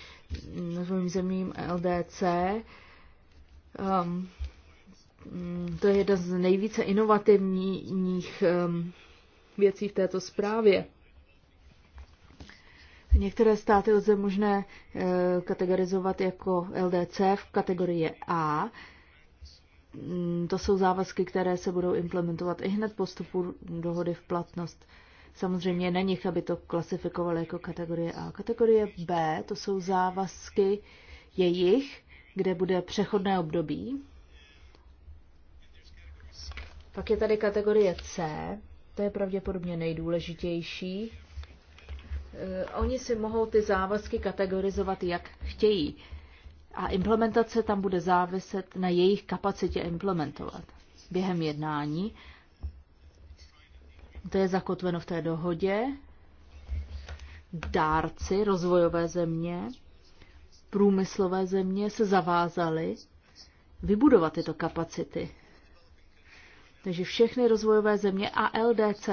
mm, novým zemím LDC. Um, mm, to je jedna z nejvíce inovativních um, věcí v této zprávě. Některé státy lze možné uh, kategorizovat jako LDC v kategorii A. Mm, to jsou závazky, které se budou implementovat i hned po vstupu dohody v platnost. Samozřejmě na nich, aby to klasifikovali jako kategorie A. Kategorie B, to jsou závazky jejich, kde bude přechodné období. Pak je tady kategorie C, to je pravděpodobně nejdůležitější. Eh, oni si mohou ty závazky kategorizovat, jak chtějí. A implementace tam bude záviset na jejich kapacitě implementovat během jednání. To je zakotveno v té dohodě. Dárci, rozvojové země, průmyslové země se zavázaly vybudovat tyto kapacity. Takže všechny rozvojové země a LDC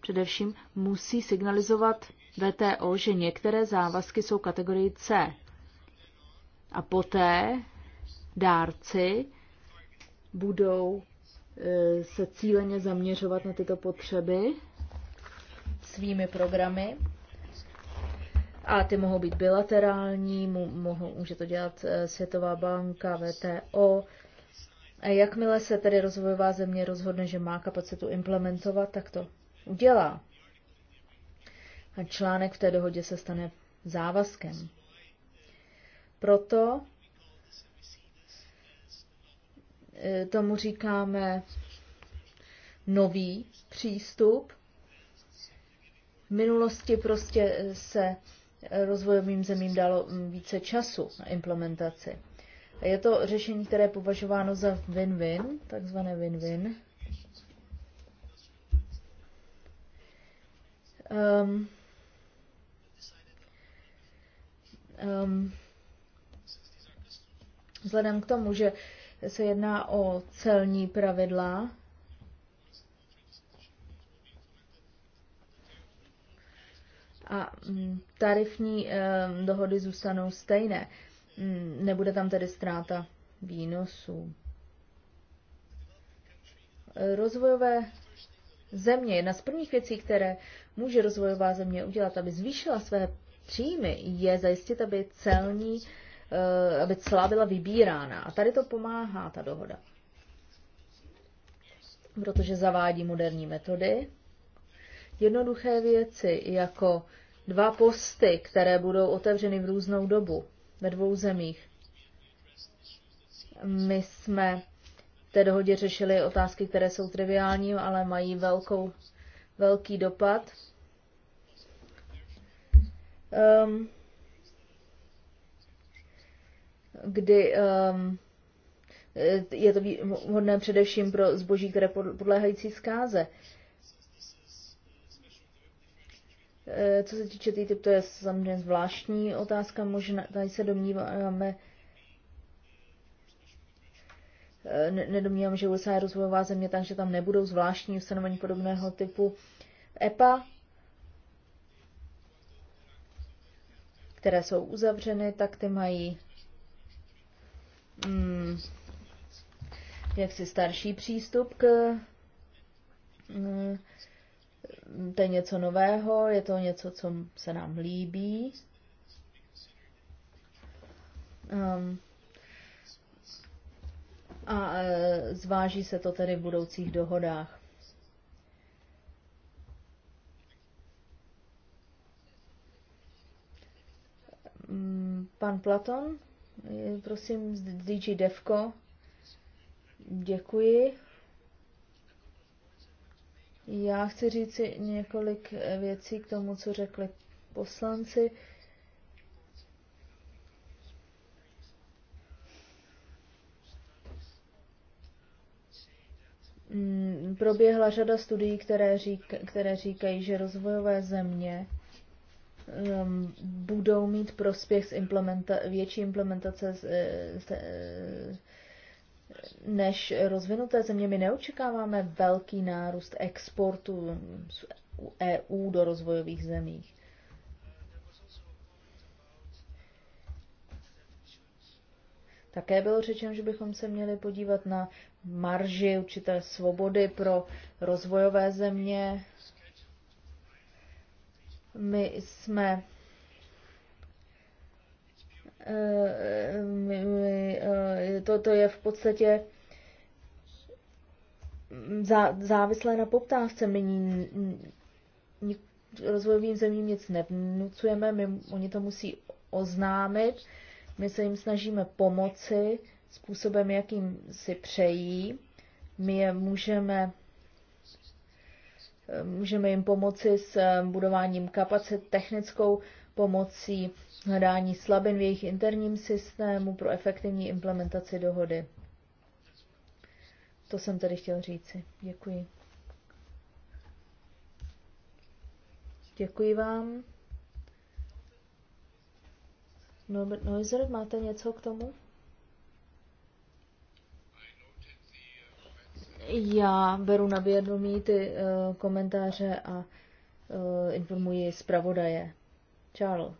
především musí signalizovat VTO, že některé závazky jsou kategorii C. A poté dárci budou e, se cíleně zaměřovat na tyto potřeby svými programy a ty mohou být bilaterální, mohou, může to dělat eh, Světová banka, VTO. A jakmile se tedy rozvojová země rozhodne, že má kapacitu implementovat, tak to udělá. A článek v té dohodě se stane závazkem. Proto eh, tomu říkáme nový přístup. V minulosti prostě eh, se rozvojovým zemím dalo více času na implementaci. Je to řešení, které je považováno za win-win, takzvané win-win. Um, um, vzhledem k tomu, že se jedná o celní pravidla, a mm, tarifní eh, dohody zůstanou stejné. Mm, nebude tam tedy ztráta výnosů. Rozvojové země, jedna z prvních věcí, které může rozvojová země udělat, aby zvýšila své příjmy, je zajistit, aby celní, eh, aby celá byla vybírána. A tady to pomáhá ta dohoda, protože zavádí moderní metody, jednoduché věci, jako dva posty, které budou otevřeny v různou dobu ve dvou zemích. My jsme v té dohodě řešili otázky, které jsou triviální, ale mají velkou, velký dopad. Um, kdy um, je to vhodné především pro zboží, které podléhající zkáze. Uh, Eh, co se týče typ, to je samozřejmě zvláštní otázka, možná tady se domníváme, eh, nedomnívám, že USA je rozvojová země, takže tam nebudou zvláštní ustanovení podobného typu. EPA, které jsou uzavřeny, tak ty mají hmm, jaksi starší přístup k hmm, to je něco nového, je to něco, co se nám líbí. Um, a e, zváží se to tedy v budoucích dohodách. Mm, pan Platon, prosím, z DG Devko, děkuji. Já chci říct si několik eh, věcí k tomu, co řekli poslanci. Mm, proběhla řada studií, které, řík, které říkají, že rozvojové země um, budou mít prospěch z implementa- větší implementace z, eh, z, z eh, než rozvinuté země. My neočekáváme velký nárůst exportu z EU do rozvojových zemí. Také bylo řečeno, že bychom se měli podívat na marži určité svobody pro rozvojové země. My jsme Eh, eh, eh, to je v podstatě závislé na poptávce. My rozvojovým zemím nic nevnucujeme, my, oni to musí oznámit, my se jim snažíme pomoci způsobem, jakým si přejí. My je můžeme můžeme jim pomoci s budováním kapacit, technickou pomocí, hledání slabin v jejich interním systému pro efektivní implementaci dohody. To jsem tady chtěl říci. Děkuji. Děkuji vám. Norbert Neuser, máte něco k tomu? Já beru na vědomí ty uh, komentáře a uh, informuji zpravodaje. Charles.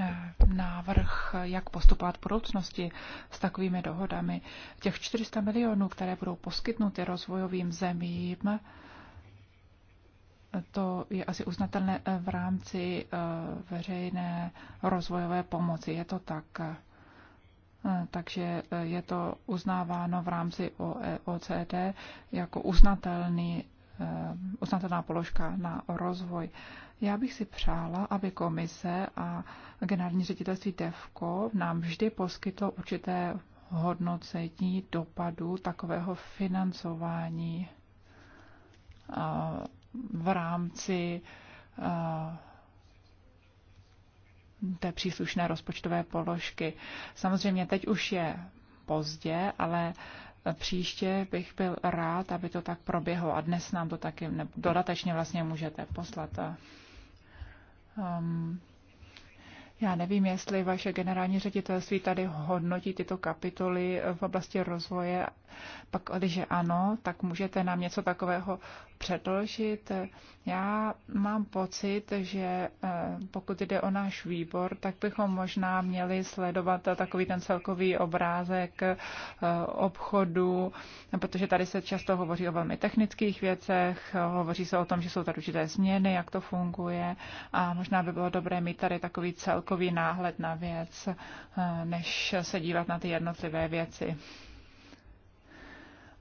Eh, návrh, jak postupovat v budoucnosti s takovými dohodami. Těch 400 milionů, které budou poskytnuty rozvojovým zemím, to je asi uznatelné eh, v rámci eh, veřejné rozvojové pomoci. Je to tak. Takže je to uznáváno v rámci OECD jako uznatelný uznatelná eh, položka na rozvoj. Já bych si přála, aby komise a generální ředitelství DEVKO nám vždy poskytlo určité hodnocení dopadu takového financování eh, v rámci eh, té příslušné rozpočtové položky. Samozřejmě teď už je pozdě, ale Příště bych byl rád, aby to tak proběhlo a dnes nám to taky dodatečně vlastně můžete poslat. Eh, um, já nevím, jestli vaše generální ředitelství tady hodnotí tyto kapitoly v oblasti rozvoje. Pak, když ano, tak můžete nám něco takového předložit. Já mám pocit, že eh, pokud jde o náš výbor, tak bychom možná měli sledovat takový ten celkový obrázek eh, obchodu, protože tady se často hovoří o velmi technických věcech, hovoří se o tom, že jsou tady určité změny, jak to funguje a možná by bylo dobré mít tady takový celkový celkový náhled na věc, eh, než se dívat na ty jednotlivé věci.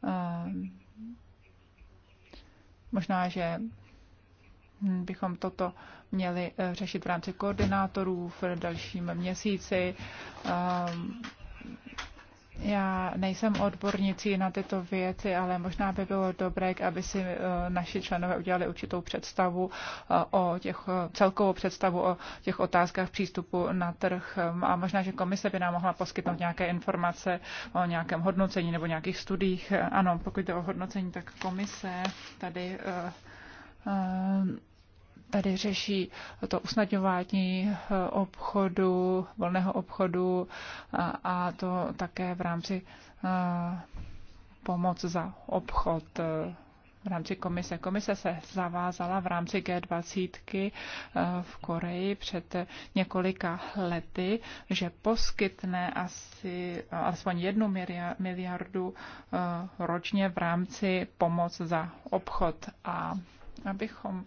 Eh, možná, že bychom toto měli eh, řešit v rámci koordinátorů v dalším měsíci já nejsem odbornicí na tyto věci, ale možná by bylo dobré, aby si eh, naši členové udělali určitou představu eh, o těch, eh, celkovou představu o těch otázkách přístupu na trh. Ehm, a možná, že komise by nám mohla poskytnout nějaké informace o nějakém hodnocení nebo nějakých studiích. Ano, pokud jde o hodnocení, tak komise tady tady řeší to usnadňování eh, obchodu, volného obchodu a, a to také v rámci a, eh, pomoc za obchod eh, v rámci komise. Komise se zavázala v rámci G20 v Koreji před několika lety, že poskytne asi alespoň jednu miliardu ročně v rámci pomoc za obchod a abychom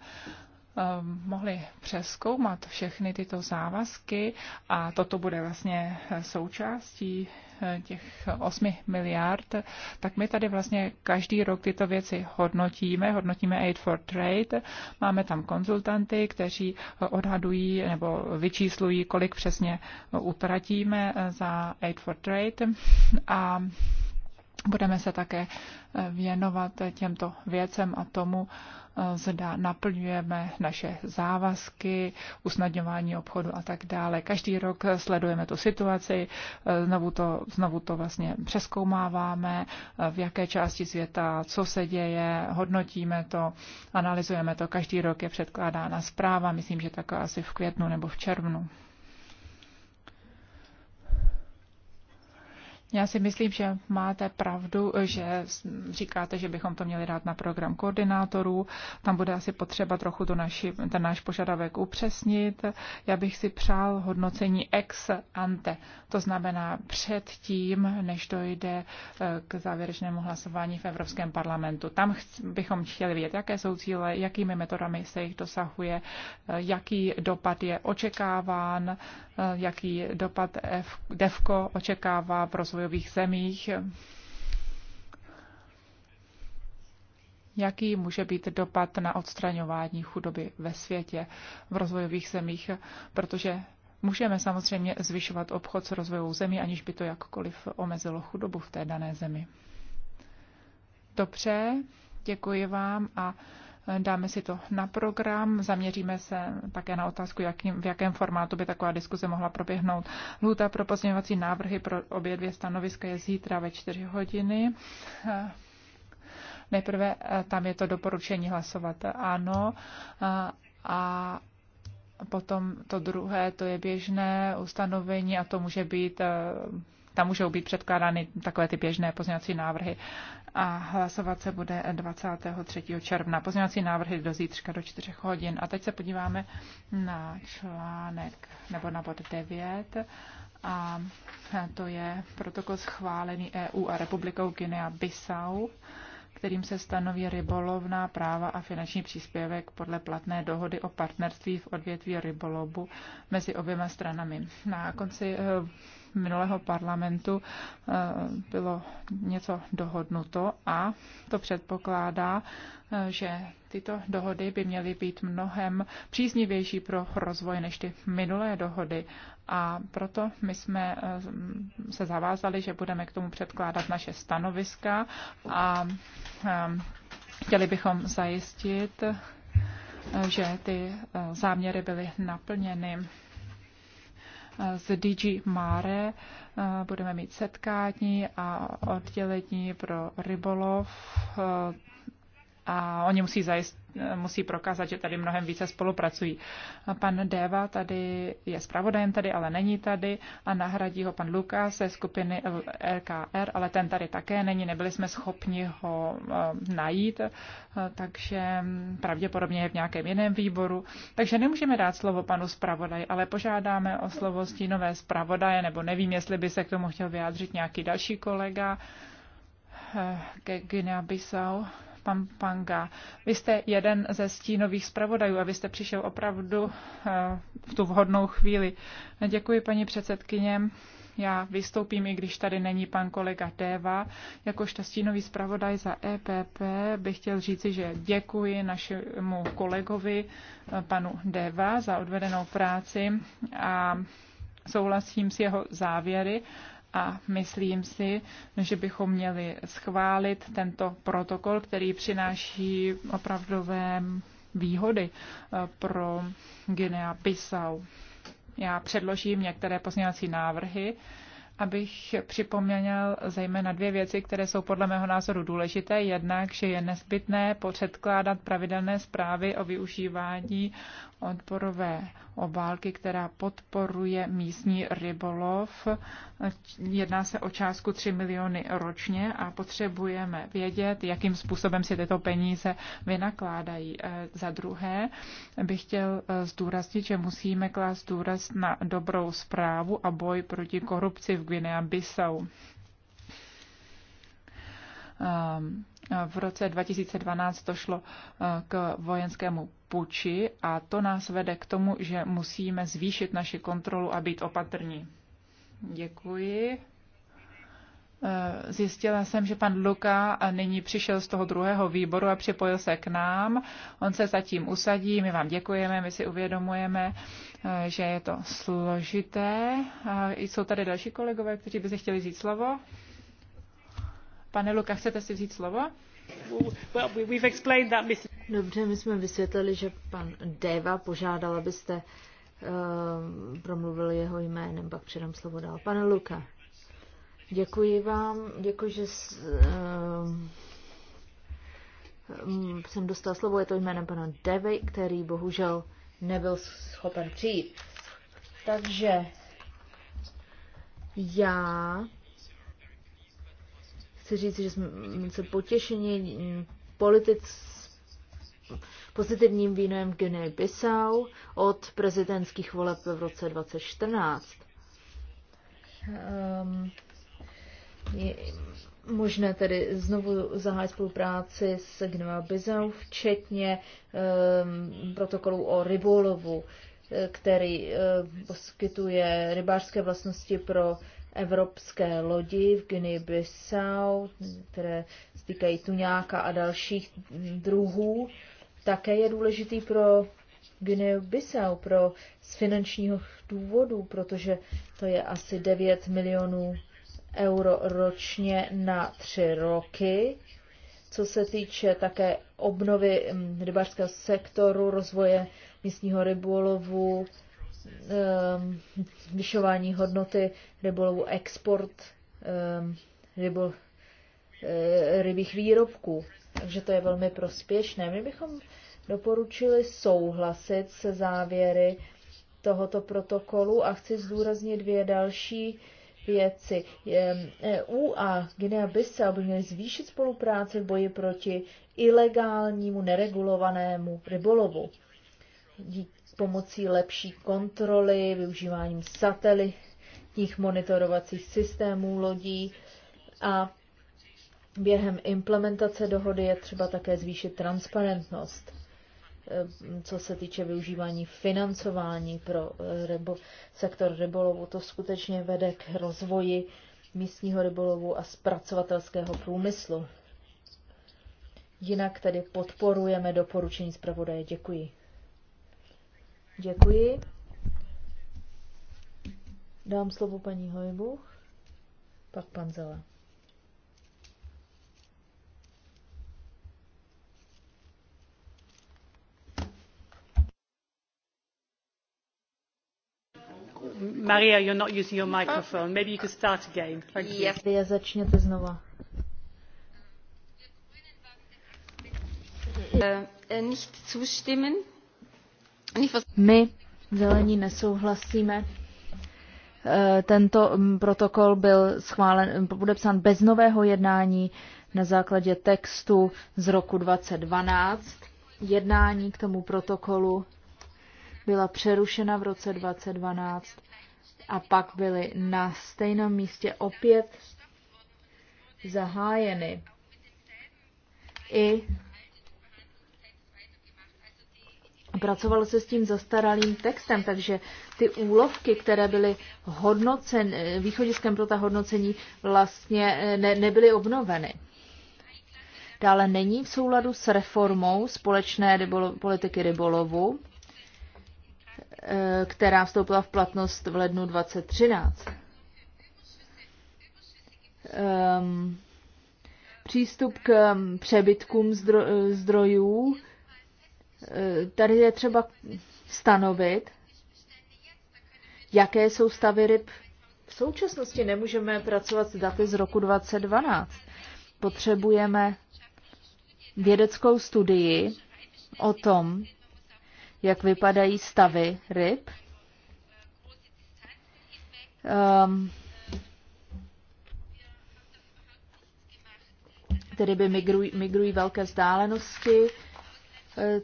Ehm, mohli přeskoumat všechny tyto závazky a toto bude vlastně eh, součástí eh, těch 8 miliard, tak my tady vlastně každý rok tyto věci hodnotíme, hodnotíme Aid for Trade, máme tam konzultanty, kteří eh, odhadují nebo vyčíslují, kolik přesně utratíme za Aid for Trade a Budeme se také eh, věnovat těmto věcem a tomu, eh, zda naplňujeme naše závazky, usnadňování obchodu a tak dále. Každý rok sledujeme tu situaci, eh, znovu to, znovu to vlastně přeskoumáváme, v jaké části světa, co se děje, hodnotíme to, analyzujeme to. Každý rok je předkládána zpráva, myslím, že tak asi v květnu nebo v červnu. Já si myslím, že máte pravdu, že říkáte, že bychom to měli dát na program koordinátorů. Tam bude asi potřeba trochu to naši, ten náš požadavek upřesnit. Já bych si přál hodnocení ex ante, to znamená před tím, než dojde eh, k závěrečnému hlasování v Evropském parlamentu. Tam bychom chtěli vědět, jaké jsou cíle, jakými metodami se jich dosahuje, eh, jaký dopad je očekáván, eh, jaký dopad DEFCO očekává pro svůj rozvojových zemích. Jaký může být dopad na odstraňování chudoby ve světě v rozvojových zemích, protože můžeme samozřejmě zvyšovat obchod s rozvojovou zemí, aniž by to jakkoliv omezilo chudobu v té dané zemi. Dobře, děkuji vám a Dáme si to na program, zaměříme se také na otázku, jakým, v jakém formátu by taková diskuze mohla proběhnout. Lhůta pro pozměňovací návrhy pro obě dvě stanoviska je zítra ve čtyři hodiny. Nejprve eh, tam je to doporučení hlasovat ano a, eh, a potom to druhé, to je běžné ustanovení a to může být, eh, tam můžou být předkládány takové ty běžné pozměňovací návrhy a hlasovat se bude 23. června. Pozměňovací návrhy do zítřka do 4 hodin. A teď se podíváme na článek nebo na bod 9 a to je protokol schválený EU a republikou Guinea-Bissau, kterým se stanoví rybolovná práva a finanční příspěvek podle platné dohody o partnerství v odvětví rybolobu mezi oběma stranami. Na konci eh, minulého parlamentu eh, bylo něco dohodnuto a to předpokládá, eh, že tyto dohody by měly být mnohem příznivější pro rozvoj než ty minulé dohody. A proto my jsme eh, se zavázali, že budeme k tomu předkládat naše stanoviska a chtěli bychom zajistit, že ty záměry byly naplněny z DG Mare budeme mít setkání a oddělení pro rybolov eh, a oni musí zajistit musí prokázat, že tady mnohem více spolupracují. A pan Deva tady je zpravodajem tady, ale není tady a nahradí ho pan Luka ze skupiny LKR, ale ten tady také není, nebyli jsme schopni ho eh, najít, eh, takže pravděpodobně je v nějakém jiném výboru. Takže nemůžeme dát slovo panu zpravodaj, ale požádáme o slovo stínové zpravodaje, nebo nevím, jestli by se k tomu chtěl vyjádřit nějaký další kolega ke eh, Guinea-Bissau. Pampanga. Vy jste jeden ze stínových zpravodajů a vy jste přišel opravdu eh, v tu vhodnou chvíli. Děkuji, paní předsedkyně. Já vystoupím, i když tady není pan kolega Deva Jakožto stínový zpravodaj za EPP bych chtěl říci, že děkuji našemu kolegovi, eh, panu Deva, za odvedenou práci a souhlasím s jeho závěry a myslím si, že bychom měli schválit tento protokol, který přináší opravdové výhody eh, pro Guinea-Bissau. Já předložím některé pozměňovací návrhy, abych připomněl zejména dvě věci, které jsou podle mého názoru důležité. Jednak, že je nezbytné předkládat pravidelné zprávy o využívání odborové obálky, která podporuje místní rybolov. Jedná se o částku 3 miliony ročně a potřebujeme vědět, jakým způsobem si tyto peníze vynakládají. E, za druhé bych chtěl e, zdůraznit, že musíme klást důraz na dobrou zprávu a boj proti korupci v Guinea-Bissau. Ehm, v roce 2012 to šlo eh, k vojenskému puči a to nás vede k tomu, že musíme zvýšit naši kontrolu a být opatrní. Děkuji. Eh, zjistila jsem, že pan Luka eh, nyní přišel z toho druhého výboru a připojil se k nám. On se zatím usadí, my vám děkujeme, my si uvědomujeme, že je to složité. Jsou tady další kolegové, kteří by si chtěli říct slovo? Pane Luka, chcete si vzít slovo? Dobře, my jsme vysvětlili, že pan Deva požádal, abyste uh, eh, promluvili jeho jménem, pak předám slovo dál. Pane Luka, děkuji vám, děkuji, že uh, jsem dostal slovo, je to jménem pana Devy, který bohužel nebyl schopen přijít. Takže já chci říct, že jsme se potěšeni politic, pozitivním vínem Guinea Bissau od prezidentských voleb v roce 2014. Um, ehm, je možné tedy znovu zahájit spolupráci s Guinea Bizou, včetně um, protokolu o rybolovu, eh, který uh, poskytuje rybářské vlastnosti pro uh, evropské lodi v Guinea-Bissau, které stýkají tuňáka a dalších druhů, také je důležitý pro Guinea-Bissau pro, z finančního důvodu, protože to je asi 9 milionů euro ročně na tři roky. Co se týče také obnovy hm, rybářského sektoru, rozvoje místního rybolovu, Ehm, zvyšování hodnoty rybolovu, export ehm, rybol, eh, rybích výrobků. Takže to je velmi prospěšné. My bychom doporučili souhlasit se závěry tohoto protokolu a chci zdůraznit dvě další věci. EU ehm, e a Guinea Bissau by měly zvýšit spolupráci v boji proti ilegálnímu, neregulovanému rybolovu. Díky pomocí lepší kontroly, využíváním satelitních monitorovacích systémů lodí a během implementace dohody je třeba také zvýšit transparentnost, eh, co se týče využívání financování pro eh, rybo, sektor rybolovu. To skutečně vede k rozvoji místního rybolovu a zpracovatelského průmyslu. Jinak tedy podporujeme doporučení zpravodaje. Děkuji. Děkuji. Dám slovo paní Hojbuch, pak pan Zela. Maria, you're not using your microphone. Maybe you could start again. Thank you. Začněte znova. Äh, äh, nicht zustimmen. My zelení nesouhlasíme. Eh, tento mm, protokol byl schválen, mm, podepsán bez nového jednání na základě textu z roku 2012. Jednání k tomu protokolu byla přerušena v roce 2012 a pak byly na stejném místě opět zahájeny i Pracovalo se s tím zastaralým textem, takže ty úlovky, které byly hodnocen, východiskem pro ta hodnocení, vlastně eh, ne, nebyly obnoveny. Dále není v souladu s reformou společné rybolo, politiky rybolovu, eh, která vstoupila v platnost v lednu 2013. Um, ehm, přístup k ehm, přebytkům zdro, zdrojů Tady je třeba stanovit, jaké jsou stavy ryb v současnosti. Nemůžeme pracovat s daty z roku 2012. Potřebujeme vědeckou studii o tom, jak vypadají stavy ryb. Um, tedy by migrují, migrují velké vzdálenosti,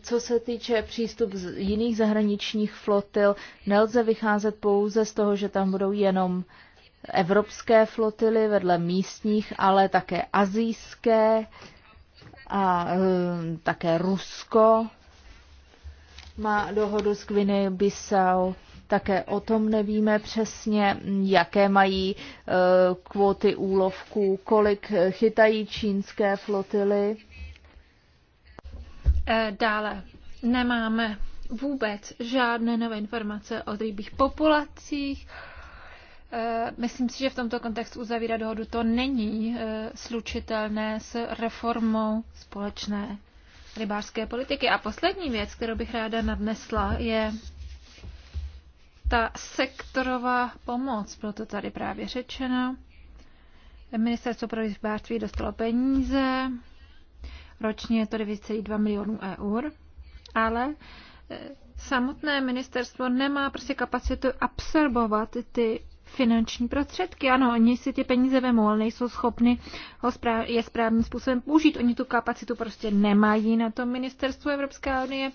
co se týče přístup z jiných zahraničních flotil, nelze vycházet pouze z toho, že tam budou jenom evropské flotily vedle místních, ale také azijské a eh, také Rusko má dohodu s Gviny Bissau. Také o tom nevíme přesně, jaké mají eh, kvóty úlovků, kolik chytají čínské flotily Eh, dále nemáme vůbec žádné nové informace o rybích populacích. Eh, myslím si, že v tomto kontextu uzavírat dohodu to není eh, slučitelné s reformou společné rybářské politiky. A poslední věc, kterou bych ráda nadnesla, je ta sektorová pomoc, bylo to tady právě řečeno. Ministerstvo pro rybářství dostalo peníze, ročně je to 9,2 milionů eur, ale e, samotné ministerstvo nemá prostě kapacitu absorbovat ty finanční prostředky. Ano, oni si ty peníze vemou, ale nejsou schopni ho správ- je správným způsobem použít. Oni tu kapacitu prostě nemají na tom ministerstvu Evropské unie.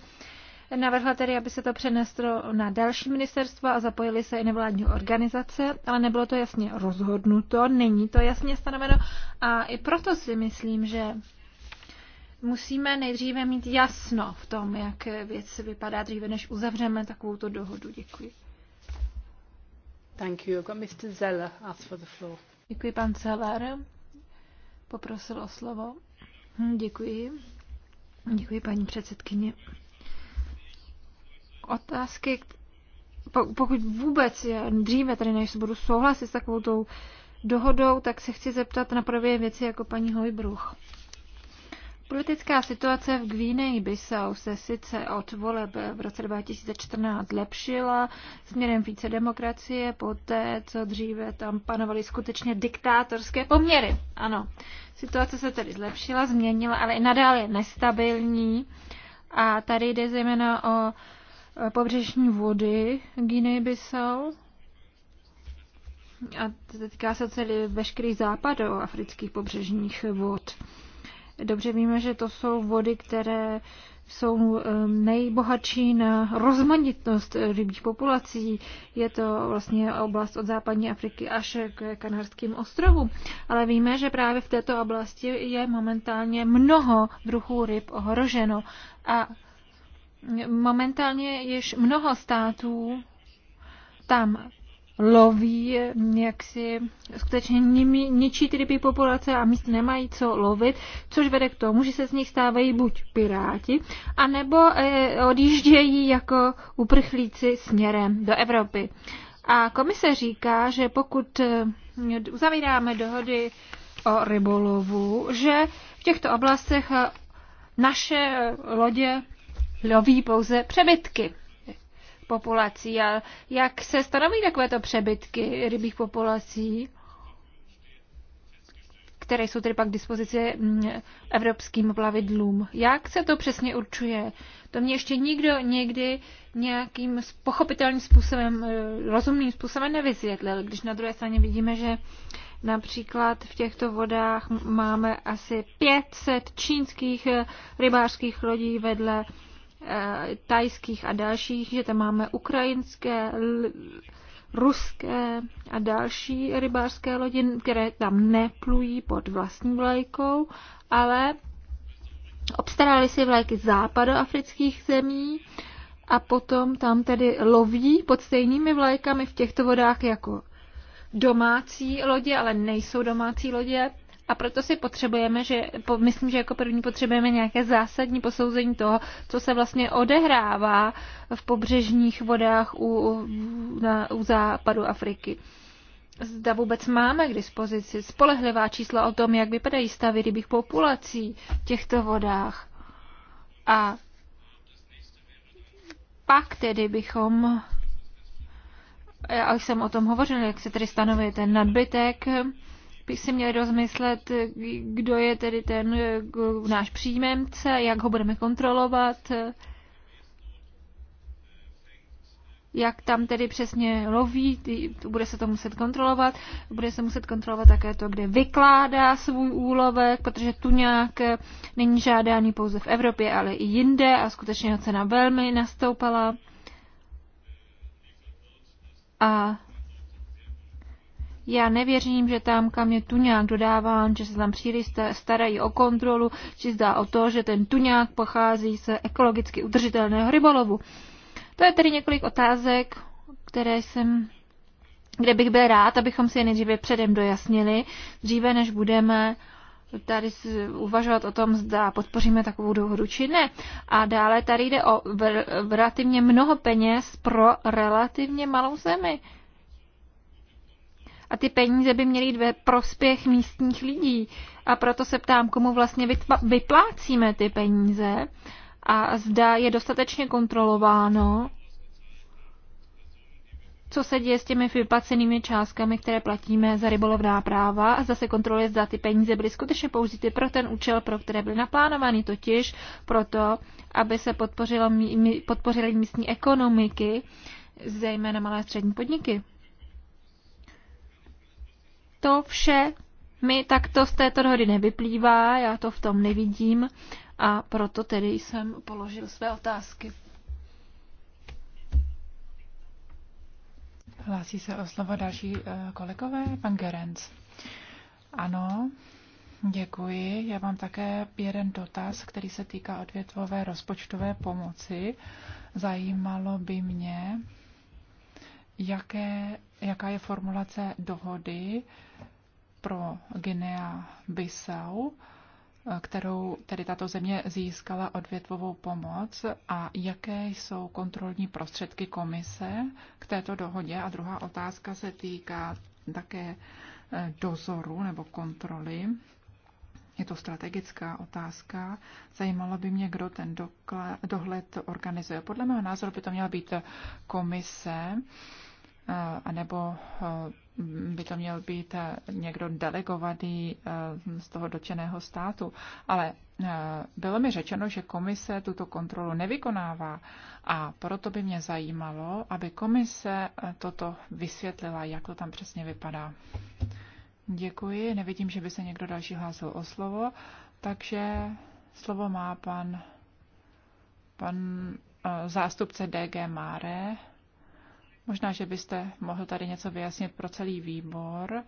Navrhla tedy, aby se to přeneslo na další ministerstva a zapojili se i nevládní organizace, ale nebylo to jasně rozhodnuto, není to jasně stanoveno a i proto si myslím, že musíme nejdříve mít jasno v tom, jak věc vypadá dříve, než uzavřeme takovou dohodu. Děkuji. Thank you. Got Mr. Zeller asked for the floor. Děkuji, pan Zeller. Poprosil o slovo. Hm, děkuji. Děkuji, paní předsedkyně. Otázky, pokud vůbec je, dříve, tady než se budu souhlasit s takovou tou dohodou, tak se chci zeptat na prvě věci jako paní Hojbruch. Politická situace v Gvíneji Bissau se sice od voleb v roce 2014 zlepšila směrem více demokracie, poté co dříve tam panovaly skutečně diktátorské poměry. Ano, situace se tedy zlepšila, změnila, ale i nadále je nestabilní. A tady jde zejména o pobřežní vody Guinea Bissau. A týká se tedy veškerých afrických pobřežních vod. Dobře víme, že to jsou vody, které jsou eh, nejbohatší na rozmanitnost eh, rybích populací. Je to vlastně oblast od západní Afriky až k Kanarským ostrovům. Ale víme, že právě v této oblasti je momentálně mnoho druhů ryb ohroženo. A momentálně již mnoho států tam loví mm, jaksi skutečně ničí ty ryby populace a míst nemají co lovit, což vede k tomu, že se z nich stávají buď piráti, anebo eh, odjíždějí jako uprchlíci směrem do Evropy. A komise říká, že pokud eh, uzavíráme dohody o rybolovu, že v těchto oblastech eh, naše eh, lodě loví pouze přebytky populací. A jak se stanoví takovéto přebytky rybích populací, které jsou tedy pak k dispozici mm, evropským plavidlům? Jak se to přesně určuje? To mě ještě nikdo někdy nějakým pochopitelným způsobem, e, rozumným způsobem nevysvětlil, když na druhé straně vidíme, že Například v těchto vodách máme asi 500 čínských e, rybářských lodí vedle tajských a dalších, že tam máme ukrajinské, ruské a další rybářské lodě, které tam neplují pod vlastní vlajkou, ale obstarali si vlajky západoafrických zemí a potom tam tedy loví pod stejnými vlajkami v těchto vodách jako domácí lodě, ale nejsou domácí lodě. A proto si potřebujeme, že po, myslím, že jako první potřebujeme nějaké zásadní posouzení toho, co se vlastně odehrává v pobřežních vodách u, na, u západu Afriky. Zda vůbec máme k dispozici spolehlivá čísla o tom, jak vypadají stavy rybích populací v těchto vodách. A pak tedy bychom, já už jsem o tom hovořil, jak se tedy stanovuje ten nadbytek, by si měli rozmyslet, kdo je tedy ten eh, náš příjmemce, jak ho budeme kontrolovat, jak tam tedy přesně loví, bude se to muset kontrolovat, bude se muset kontrolovat také to, kde vykládá svůj úlovek, protože tu nějak eh, není žádání pouze v Evropě, ale i jinde a skutečně ho cena velmi nastoupala. A já nevěřím, že tam, kam je tuňák dodáván, že se tam příliš starají o kontrolu, či zdá o to, že ten tuňák pochází z ekologicky udržitelného rybolovu. To je tedy několik otázek, které jsem, kde bych byl rád, abychom si je nejdříve předem dojasnili, dříve než budeme tady uvažovat o tom, zda podpoříme takovou dohodu či ne. A dále tady jde o relativně mnoho peněz pro relativně malou zemi a ty peníze by měly jít ve prospěch místních lidí. A proto se ptám, komu vlastně vyplácíme ty peníze a zda je dostatečně kontrolováno, co se děje s těmi vyplacenými částkami, které platíme za rybolovná práva a zase kontroluje, zda ty peníze byly skutečně použity pro ten účel, pro které byly naplánovány, totiž proto, aby se podpořilo, podpořily místní ekonomiky, zejména malé a střední podniky. To vše mi takto z této dohody nevyplývá, já to v tom nevidím a proto tedy jsem položil své otázky. Hlásí se o slovo další eh, kolegové, pan Gerenc. Ano, děkuji. Já mám také jeden dotaz, který se týká odvětvové rozpočtové pomoci. Zajímalo by mě, jaké, jaká je formulace dohody pro Guinea Bissau, kterou tedy tato země získala odvětvovou pomoc a jaké jsou kontrolní prostředky komise k této dohodě. A druhá otázka se týká také eh, dozoru nebo kontroly. Je to strategická otázka. Zajímalo by mě, kdo ten dohled organizuje. Podle mého názoru by to měla být komise Eh, anebo eh, by to měl být eh, někdo delegovaný z toho dočeného státu. Ale bylo mi řečeno, že komise tuto kontrolu nevykonává a proto by mě zajímalo, aby komise toto vysvětlila, jak to tam přesně vypadá. Děkuji, nevidím, že by se někdo další hlásil o slovo, takže slovo má pan, pan zástupce DG Máre. Možná, že byste mohl tady něco vyjasnit pro celý výbor.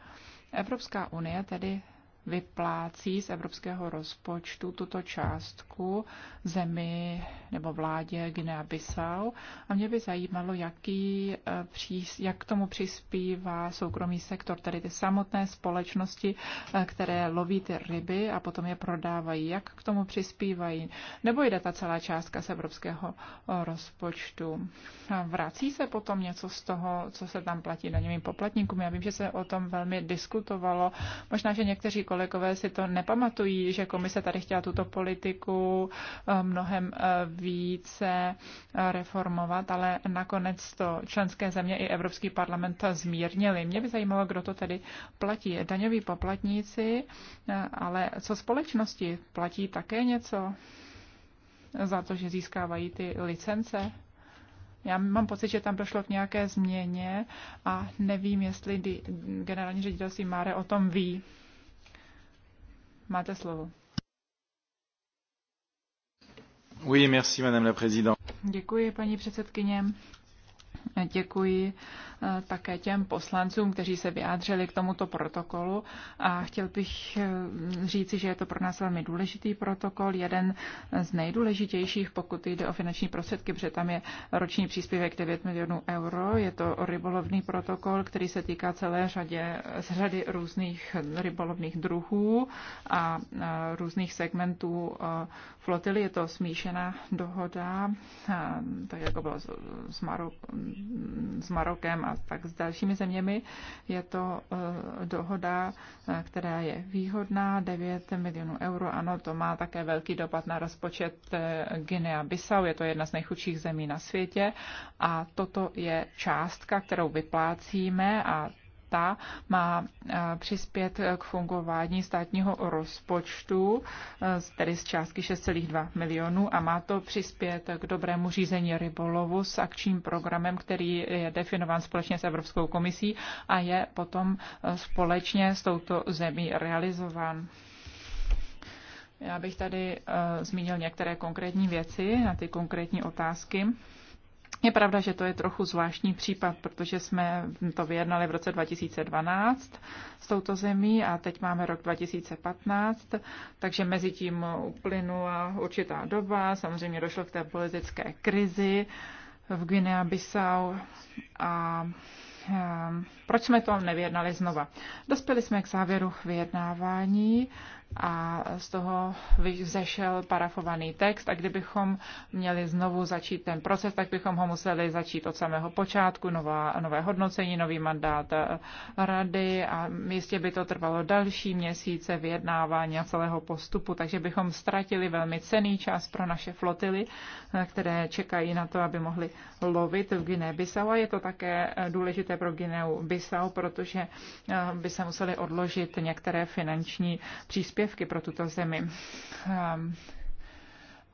Evropská unie tedy vyplácí z evropského rozpočtu tuto částku zemi nebo vládě Guinea-Bissau. A mě by zajímalo, jaký, eh, jak k tomu přispívá soukromý sektor, tedy ty samotné společnosti, eh, které loví ty ryby a potom je prodávají. Jak k tomu přispívají? Nebo jde ta celá částka z evropského eh, rozpočtu? Vrací se potom něco z toho, co se tam platí daňovým poplatníkům? Já vím, že se o tom velmi diskutovalo. Možná, že někteří kolegové si to nepamatují, že komise tady chtěla tuto politiku eh, mnohem eh, více eh, reformovat, ale nakonec to členské země i Evropský parlament zmírnili. Mě by zajímalo, kdo to tedy platí. Daňoví poplatníci, ale co společnosti? Platí také něco za to, že získávají ty licence? Já mám pocit, že tam došlo k nějaké změně a nevím, jestli generální ředitelství Máre o tom ví. Máte slovo. Oui, merci, madame la Děkuji, paní předsedkyně. Děkuji Eh, také těm poslancům, kteří se vyjádřili k tomuto protokolu a chtěl bych eh, říci, že je to pro nás velmi důležitý protokol, jeden z nejdůležitějších, pokud jde o finanční prostředky, protože tam je roční příspěvek 9 milionů euro, je to rybolovný protokol, který se týká celé řadě, z řady různých rybolovných druhů a eh, různých segmentů flotily. Je to smíšená dohoda, tak jako bylo s, Marok, s Marokem a tak s dalšími zeměmi je to eh, dohoda, eh, která je výhodná, 9 milionů euro. Ano, to má také velký dopad na rozpočet eh, Guinea-Bissau, je to jedna z nejchudších zemí na světě a toto je částka, kterou vyplácíme a ta má eh, přispět k fungování státního rozpočtu, eh, tedy z částky 6,2 milionů a má to přispět k dobrému řízení rybolovu s akčním programem, který je definován společně s Evropskou komisí a je potom eh, společně s touto zemí realizován. Já bych tady uh, zmínil některé konkrétní věci na ty konkrétní otázky. Je pravda, že to je trochu zvláštní případ, protože jsme to vyjednali v roce 2012 s touto zemí a teď máme rok 2015, takže mezi tím uplynula určitá doba, samozřejmě došlo k té politické krizi v Guinea-Bissau a proč jsme to nevyjednali znova? Dospěli jsme k závěru vyjednávání a z toho vzešel parafovaný text a kdybychom měli znovu začít ten proces, tak bychom ho museli začít od samého počátku, nová, nové hodnocení, nový mandát eh, rady a jistě by to trvalo další měsíce vyjednávání a celého postupu, takže bychom ztratili velmi cený čas pro naše flotily, eh, které čekají na to, aby mohli lovit v Guinea-Bissau a je to také eh, důležité pro Guinea-Bissau, protože by se museli odložit některé finanční příspěvky příspěvky pro tuto zemi. Ehm,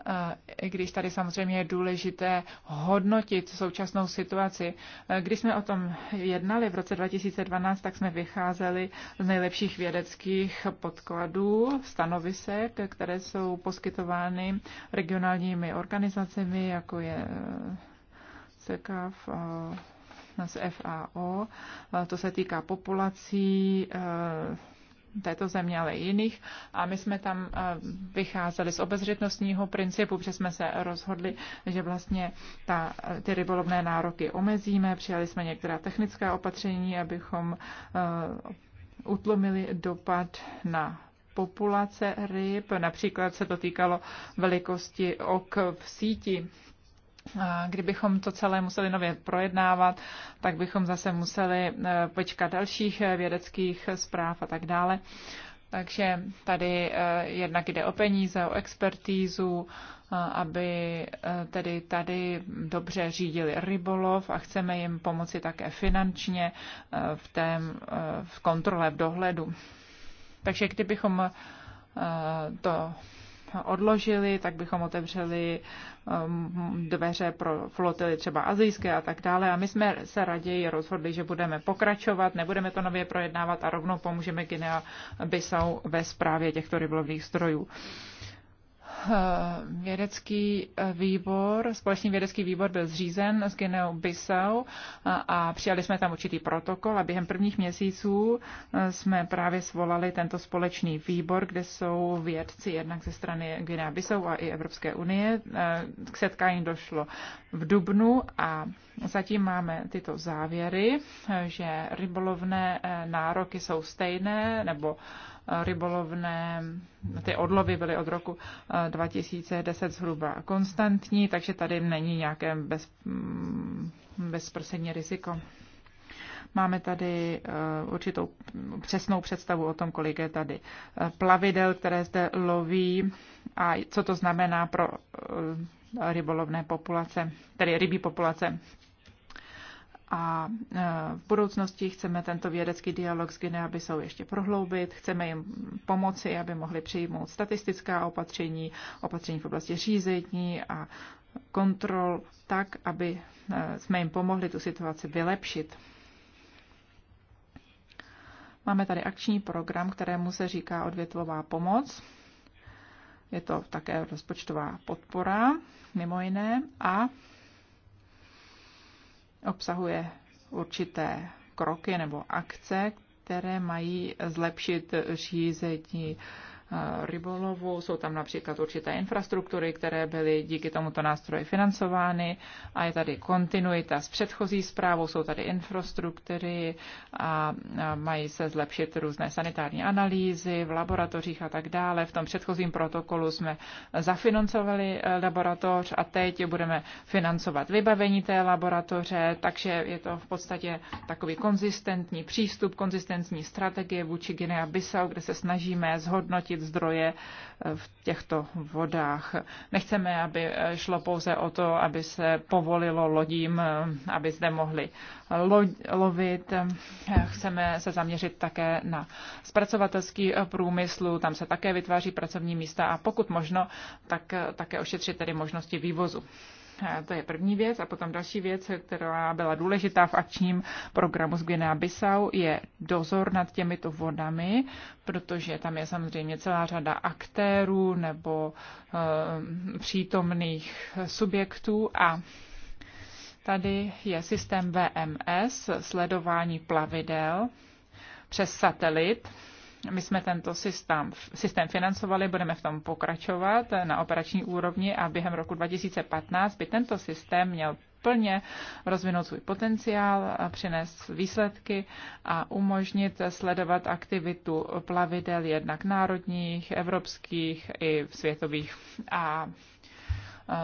eh, I když tady samozřejmě je důležité hodnotit současnou situaci. Eh, když jsme o tom jednali v roce 2012, tak jsme vycházeli z nejlepších vědeckých podkladů, stanovisek, které jsou poskytovány regionálními organizacemi, jako je eh, CKF z FAO. To se týká populací, této země, ale i jiných. A my jsme tam eh, vycházeli z obezřetnostního principu, protože jsme se rozhodli, že vlastně ta, eh, ty rybolovné nároky omezíme. Přijali jsme některá technická opatření, abychom eh, utlomili dopad na populace ryb. Například se to týkalo velikosti ok v síti. Kdybychom to celé museli nově projednávat, tak bychom zase museli e, počkat dalších e, vědeckých zpráv a tak dále. Takže tady e, jednak jde o peníze, o expertízu, aby tedy tady dobře řídili rybolov a chceme jim pomoci také finančně v, té, v kontrole, v dohledu. Takže kdybychom to odložili, tak bychom otevřeli um, dveře pro flotily třeba azijské a tak dále. A my jsme se raději rozhodli, že budeme pokračovat, nebudeme to nově projednávat a rovnou pomůžeme Guinea Bissau ve zprávě těchto rybolovných strojů. Eh, vědecký eh, výbor, společný vědecký výbor byl zřízen s Gineou Bissau eh, a přijali jsme tam určitý protokol a během prvních měsíců jsme právě svolali tento společný výbor, kde jsou vědci jednak ze strany Guinea Bissau a i Evropské unie. K setkání došlo v Dubnu a zatím máme tyto závěry, že rybolovné nároky jsou stejné nebo rybolovné, ty odlovy byly od roku 2010 eh, zhruba konstantní, takže tady není nějaké bez, mm, bezprostřední riziko. Máme tady eh, určitou přesnou představu o tom, kolik je tady eh, plavidel, které zde loví a co to znamená pro rybolovné populace, tedy rybí populace a e, v budoucnosti chceme tento vědecký dialog s Guinea Bissau ještě prohloubit, chceme jim pomoci, aby mohli přijmout statistická opatření, opatření v oblasti řízení a kontrol, tak, aby e, jsme jim pomohli tu situaci vylepšit. Máme tady akční program, kterému se říká odvětvová pomoc. Je to také rozpočtová podpora, mimo jiné, a obsahuje určité kroky nebo akce, které mají zlepšit řízení Eh, rybolovu. Jsou tam například určité infrastruktury, které byly díky tomuto nástroji financovány a je tady kontinuita s předchozí zprávou, jsou tady infrastruktury a mají se zlepšit různé sanitární analýzy v laboratořích a tak dále. V tom předchozím protokolu jsme zafinancovali eh, laboratoř a teď budeme financovat vybavení té laboratoře, takže je to v podstatě takový konzistentní přístup, konzistentní strategie vůči Guinea-Bissau, kde se snažíme zhodnotit zajistit zdroje eh, v těchto vodách. Nechceme, aby eh, šlo pouze o to, aby se povolilo lodím, eh, aby zde mohli lo lovit. Chceme se zaměřit také na zpracovatelský průmysl, tam se také vytváří pracovní místa a pokud možno, tak také ošetřit tedy možnosti vývozu. Eh, to je první věc. A potom další věc, která byla důležitá v akčním programu z Guinea Bissau, je dozor nad těmito vodami, protože tam je samozřejmě celá řada aktérů nebo e, přítomných subjektů a Tady je systém VMS, sledování plavidel přes satelit my jsme tento systém, systém financovali, budeme v tom pokračovat na operační úrovni a během roku 2015 by tento systém měl plně rozvinout svůj potenciál, přinést výsledky a umožnit sledovat aktivitu plavidel jednak národních, evropských i světových. A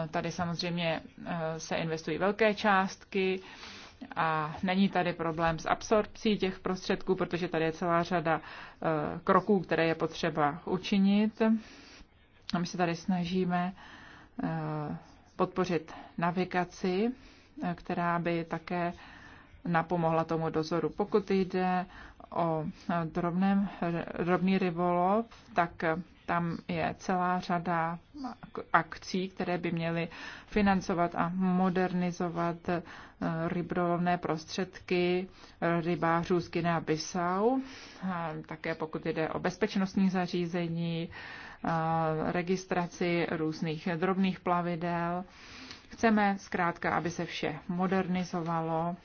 e, tady samozřejmě e, se investují velké částky a není tady problém s absorpcí těch prostředků, protože tady je celá řada e, kroků, které je potřeba učinit. A my se tady snažíme e, podpořit navigaci, e, která by také napomohla tomu dozoru. Pokud jde o drobném, drobný rybolov, tak tam je celá řada akcí, které by měly financovat a modernizovat eh, rybrolovné prostředky rybářů z Guinea-Bissau, eh, také pokud jde o bezpečnostní zařízení, eh, registraci různých drobných plavidel. Chceme zkrátka, aby se vše modernizovalo,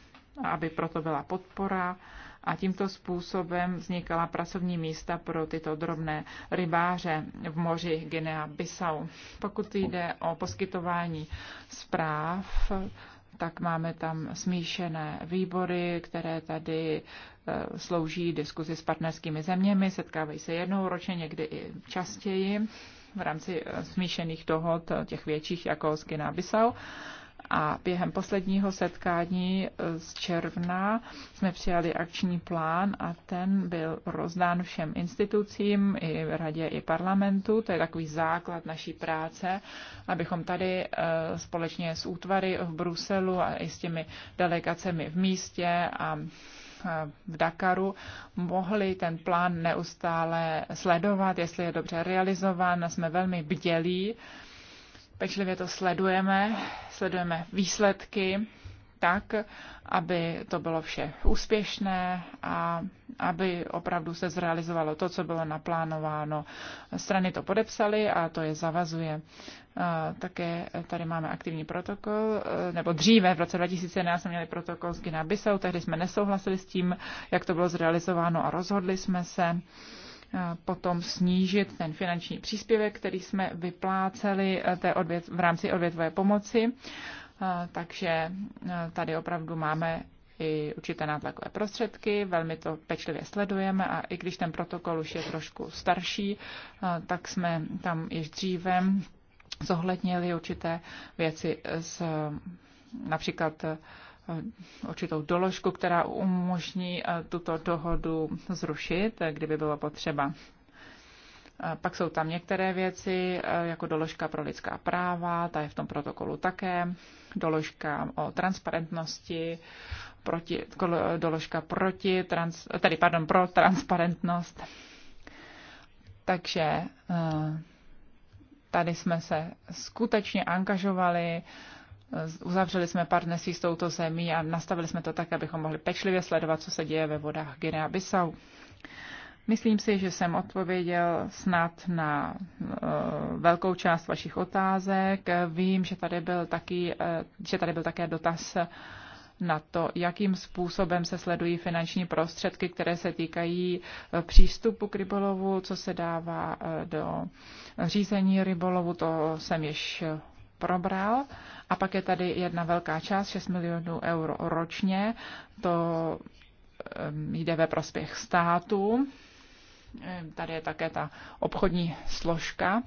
aby proto byla podpora a tímto způsobem vznikala pracovní místa pro tyto drobné rybáře v moři Guinea-Bissau. Pokud jde o poskytování zpráv, tak máme tam smíšené výbory, které tady e, slouží diskuzi s partnerskými zeměmi, setkávají se jednou ročně, někdy i častěji v rámci e, smíšených dohod těch větších jako z Guinea-Bissau. A během posledního setkání eh, z června jsme přijali akční plán a ten byl rozdán všem institucím, i radě, i parlamentu. To je takový základ naší práce, abychom tady eh, společně s útvary v Bruselu a i s těmi delegacemi v místě a v Dakaru mohli ten plán neustále sledovat, jestli je dobře realizován. Jsme velmi bdělí Pečlivě to sledujeme, sledujeme výsledky tak, aby to bylo vše úspěšné a aby opravdu se zrealizovalo to, co bylo naplánováno. Strany to podepsaly a to je zavazuje. Také tady máme aktivní protokol, e, nebo dříve v roce 2011 jsme měli protokol s Guinea-Bissau, tehdy jsme nesouhlasili s tím, jak to bylo zrealizováno a rozhodli jsme se Eh, potom snížit ten finanční příspěvek, který jsme vypláceli eh, té odvět, v rámci odvětvové pomoci. Eh, takže tady opravdu máme i určité nátlakové prostředky, velmi to pečlivě sledujeme a i když ten protokol už je trošku starší, tak jsme tam již dříve zohlednili určité věci z například Eh, určitou doložku, která umožní eh, tuto dohodu zrušit, eh, kdyby bylo potřeba. Pak jsou tam některé věci, jako doložka pro lidská práva, ta je v tom protokolu také, doložka o transparentnosti, proti, doložka proti, trans, tedy pardon, pro transparentnost. Takže tady jsme se skutečně angažovali Uzavřeli jsme partnerství s touto zemí a nastavili jsme to tak, abychom mohli pečlivě sledovat, co se děje ve vodách Guinea-Bissau. Myslím si, že jsem odpověděl snad na eh, velkou část vašich otázek. Vím, že tady byl, taky, eh, že tady byl také dotaz na to, jakým způsobem se sledují finanční prostředky, které se týkají eh, přístupu k rybolovu, co se dává do řízení rybolovu, to jsem již probral. A pak je tady jedna velká část, 6 milionů euro ročně. To jde ve prospěch státu. Tady je také ta obchodní složka.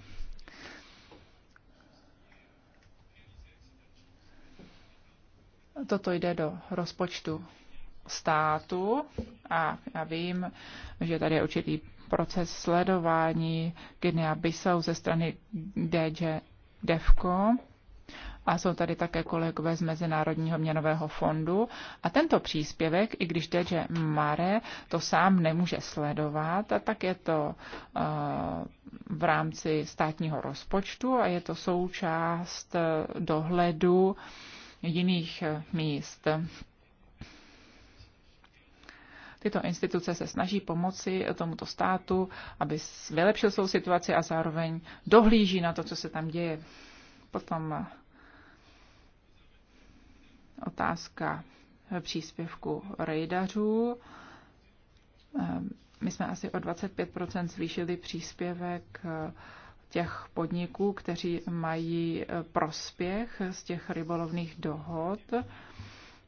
Toto jde do rozpočtu státu a já vím, že tady je určitý proces sledování Guinea Bissau ze strany DG DEFCO a jsou tady také kolegové z Mezinárodního měnového fondu. A tento příspěvek, i když Deže Mare to sám nemůže sledovat, tak je to eh, v rámci státního rozpočtu a je to součást eh, dohledu jiných eh, míst. Tyto instituce se snaží pomoci tomuto státu, aby vylepšil svou situaci a zároveň dohlíží na to, co se tam děje. Potom otázka příspěvku rejdařů. Ehm, my jsme asi o 25 zvýšili příspěvek eh, těch podniků, kteří mají eh, prospěch z těch rybolovných dohod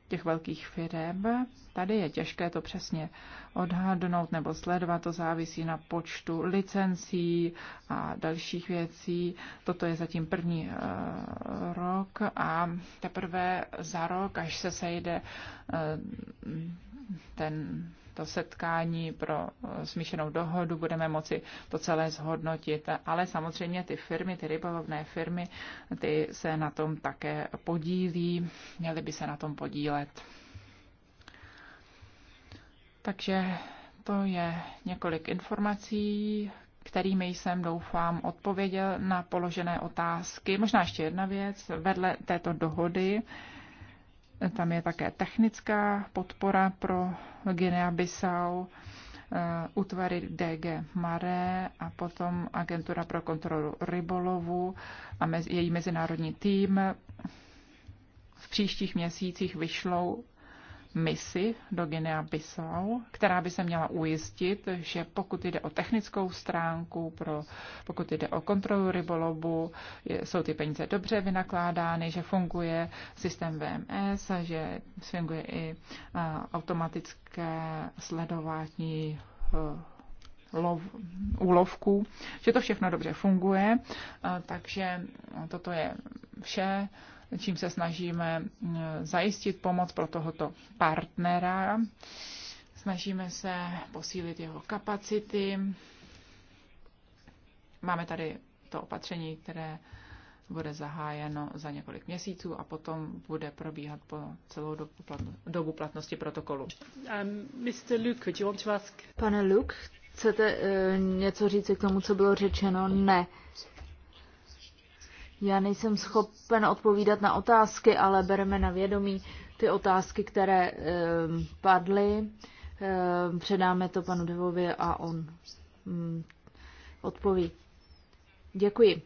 těch velkých firm. Tady je těžké to přesně odhadnout nebo sledovat, to závisí na počtu licencí a dalších věcí. Toto je zatím první eh, rok a teprve za rok, až se sejde eh, ten to setkání pro eh, smíšenou dohodu budeme moci to celé zhodnotit. Ale samozřejmě ty firmy, ty rybolovné firmy, ty se na tom také podílí, měly by se na tom podílet. Takže to je několik informací, kterými jsem, doufám, odpověděl na položené otázky. Možná ještě jedna věc, vedle této dohody tam je také technická podpora pro Guinea-Bissau, útvary eh, DG Mare a potom Agentura pro kontrolu rybolovu a její mezinárodní tým v příštích měsících vyšlou misi do Guinea-Bissau, která by se měla ujistit, že pokud jde o technickou stránku, pro, pokud jde o kontrolu je, jsou ty peníze dobře vynakládány, že funguje systém VMS, že funguje i automatické sledování e, lov, úlovků, že to všechno dobře funguje. Takže no, toto je vše čím se snažíme mm, zajistit pomoc pro tohoto partnera. Snažíme se posílit jeho kapacity. Máme tady to opatření, které bude zahájeno za několik měsíců a potom bude probíhat po celou dobu, platno, dobu platnosti protokolu. Um, Mr. Luke, would you want to ask? Pane Luke, chcete uh, něco říct k tomu, co bylo řečeno? Ne. Já nejsem schopen odpovídat na otázky, ale bereme na vědomí ty otázky, které eh, padly. Eh, předáme to panu Devovi a on mm, odpoví. Děkuji.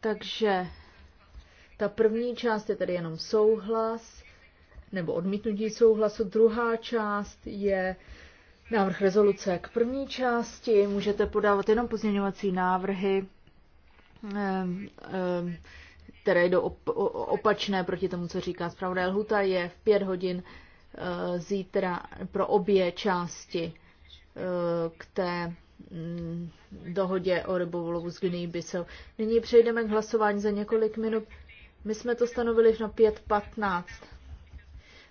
Takže ta první část je tady jenom souhlas nebo odmítnutí souhlasu. Druhá část je návrh rezoluce k první části. Můžete podávat jenom pozměňovací návrhy Eh, eh, které jdou opačné proti tomu, co říká zpravodaj. Lhuta je v pět hodin eh, zítra pro obě části k té mm, dohodě o rybovolovu z Guinea Bissau. Nyní přejdeme k hlasování za několik minut. My jsme to stanovili na 5.15.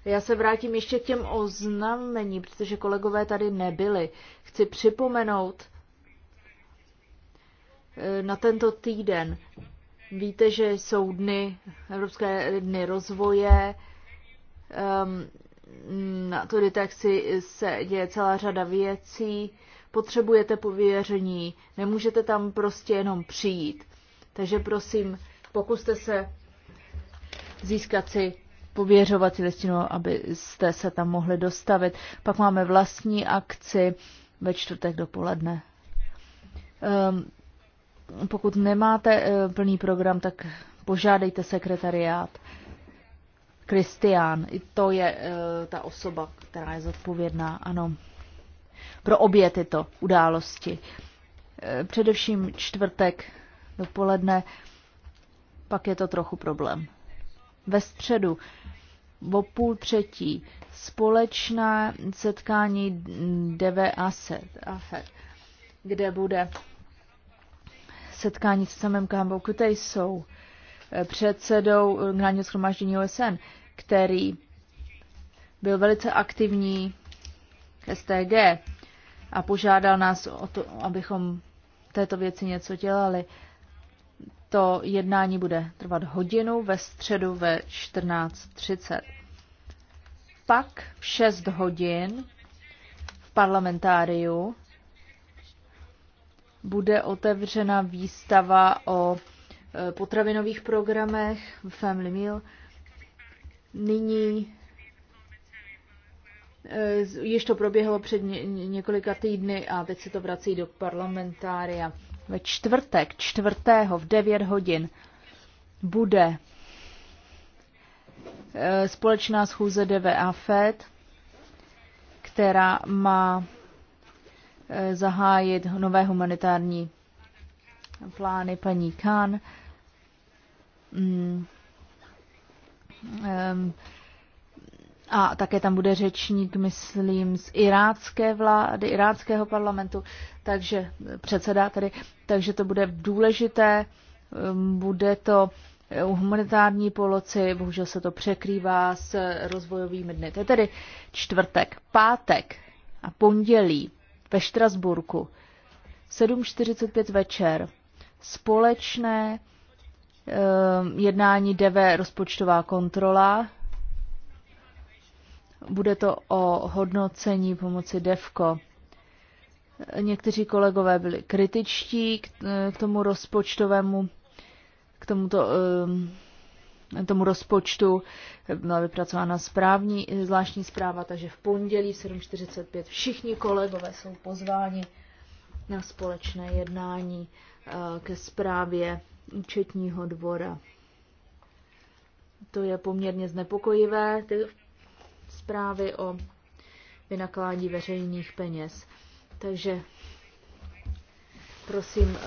Já se vrátím ještě k těm oznamení, protože kolegové tady nebyli. Chci připomenout, Eh, na tento týden. Víte, že jsou dny, Evropské dny rozvoje, ehm, na to detekci se děje celá řada věcí, potřebujete pověření, nemůžete tam prostě jenom přijít. Takže prosím, pokuste se získat si pověřovací listinu, abyste se tam mohli dostavit. Pak máme vlastní akci ve čtvrtek dopoledne. Um, pokud nemáte eh, plný program, tak požádejte sekretariát. Kristián, to je eh, ta osoba, která je zodpovědná, ano, pro obě tyto události. Eh, především čtvrtek dopoledne, pak je to trochu problém. Ve středu o půl třetí společné setkání DV set. kde bude setkání s samým Kambou Kutej jsou eh, předsedou eh, Generálního schromáždění OSN, který byl velice aktivní k STG a požádal nás o to, abychom této věci něco dělali. To jednání bude trvat hodinu ve středu ve 14.30. Pak v 6 hodin v parlamentáriu bude otevřena výstava o e, potravinových programech Family Meal. Nyní e, Již to proběhlo před několika týdny a teď se to vrací do parlamentária. Ve čtvrtek, čtvrtého v 9 hodin bude e, společná schůze DVA FED, která má Eh, zahájit nové humanitární plány paní Khan. Mm. A také tam bude řečník, myslím, z irácké vlády, iráckého parlamentu, takže předseda tady, takže to bude důležité, bude to eh, u humanitární poloci, bohužel se to překrývá s rozvojovými dny. To je tedy čtvrtek, pátek a pondělí ve Štrasburku. 7.45 večer. Společné eh, jednání DV rozpočtová kontrola. Bude to o hodnocení pomoci DEVKO. Někteří kolegové byli kritičtí k, k tomu rozpočtovému, k tomuto eh, tomu rozpočtu. Byla vypracována správní, zvláštní zpráva, takže v pondělí v 7.45 všichni kolegové jsou pozváni na společné jednání eh, ke zprávě účetního dvora. To je poměrně znepokojivé, ty zprávy o vynakládí veřejných peněz. Takže prosím,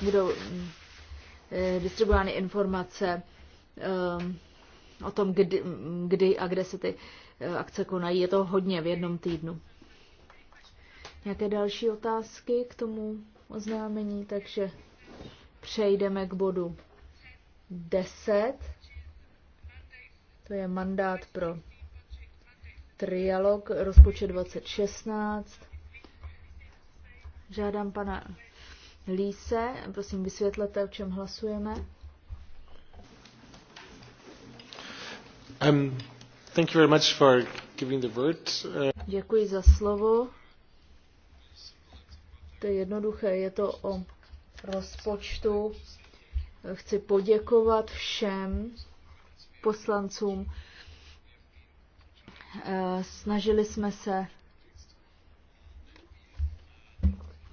kdo eh, mm, Eh, distribuovány informace ehm, o tom, kdy, kdy a kde se ty eh, akce konají. Je to hodně v jednom týdnu. Nějaké další otázky k tomu oznámení? Takže přejdeme k bodu 10. To je mandát pro trialog rozpočet 2016. Žádám pana Líse, prosím vysvětlete, o čem hlasujeme. Um, thank you very much for giving the word. Uh... Děkuji za slovo. To je jednoduché, je to o rozpočtu. Chci poděkovat všem poslancům. Eh, snažili jsme se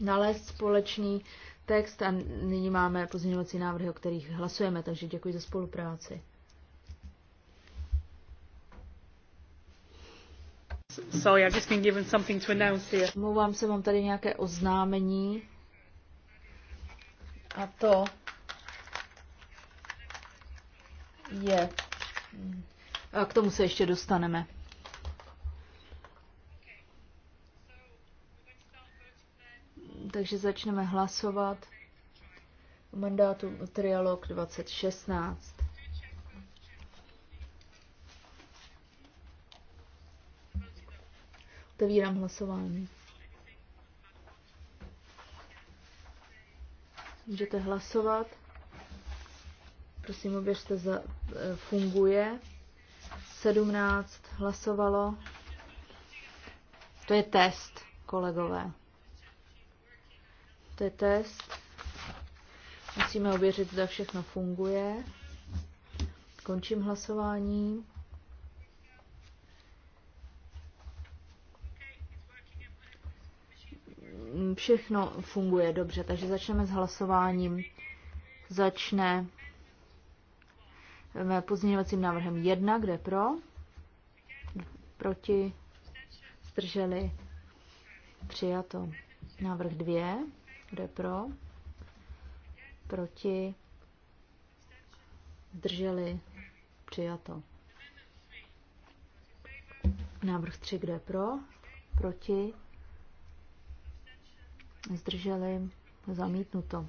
nalézt společný text a nyní máme pozměňovací návrhy, o kterých hlasujeme, takže děkuji za spolupráci. Sorry, I've just been given something to announce here. Mluvám se, mám tady nějaké oznámení. A to je... A k tomu se ještě dostaneme. Takže začneme hlasovat o mandátu Trialog 2016. Otevírám hlasování. Můžete hlasovat. Prosím, oběřte, za, e, funguje. 17 hlasovalo. To je test, kolegové. To je test. Musíme ověřit, zda všechno funguje. Končím hlasování. Všechno funguje dobře, takže začneme s hlasováním. Začne pozměňovacím návrhem 1, kde pro, proti, zdrželi, přijato. Návrh 2, kdo je pro? Proti? Zdrželi? Přijato. Návrh 3, kdo je pro? Proti? Zdrželi? Zamítnuto.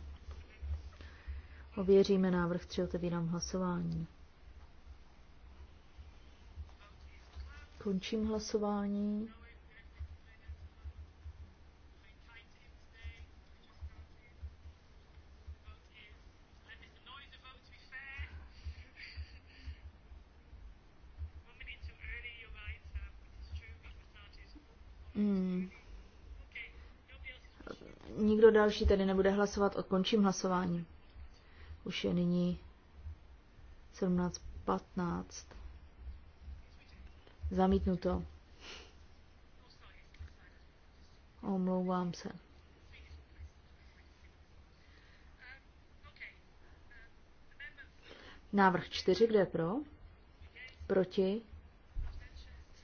Ověříme návrh 3, otevírám hlasování. Končím hlasování. Hmm. Nikdo další tedy nebude hlasovat, odkončím hlasování. Už je nyní 17.15. Zamítnuto. Omlouvám se. Návrh 4, kde pro? Proti?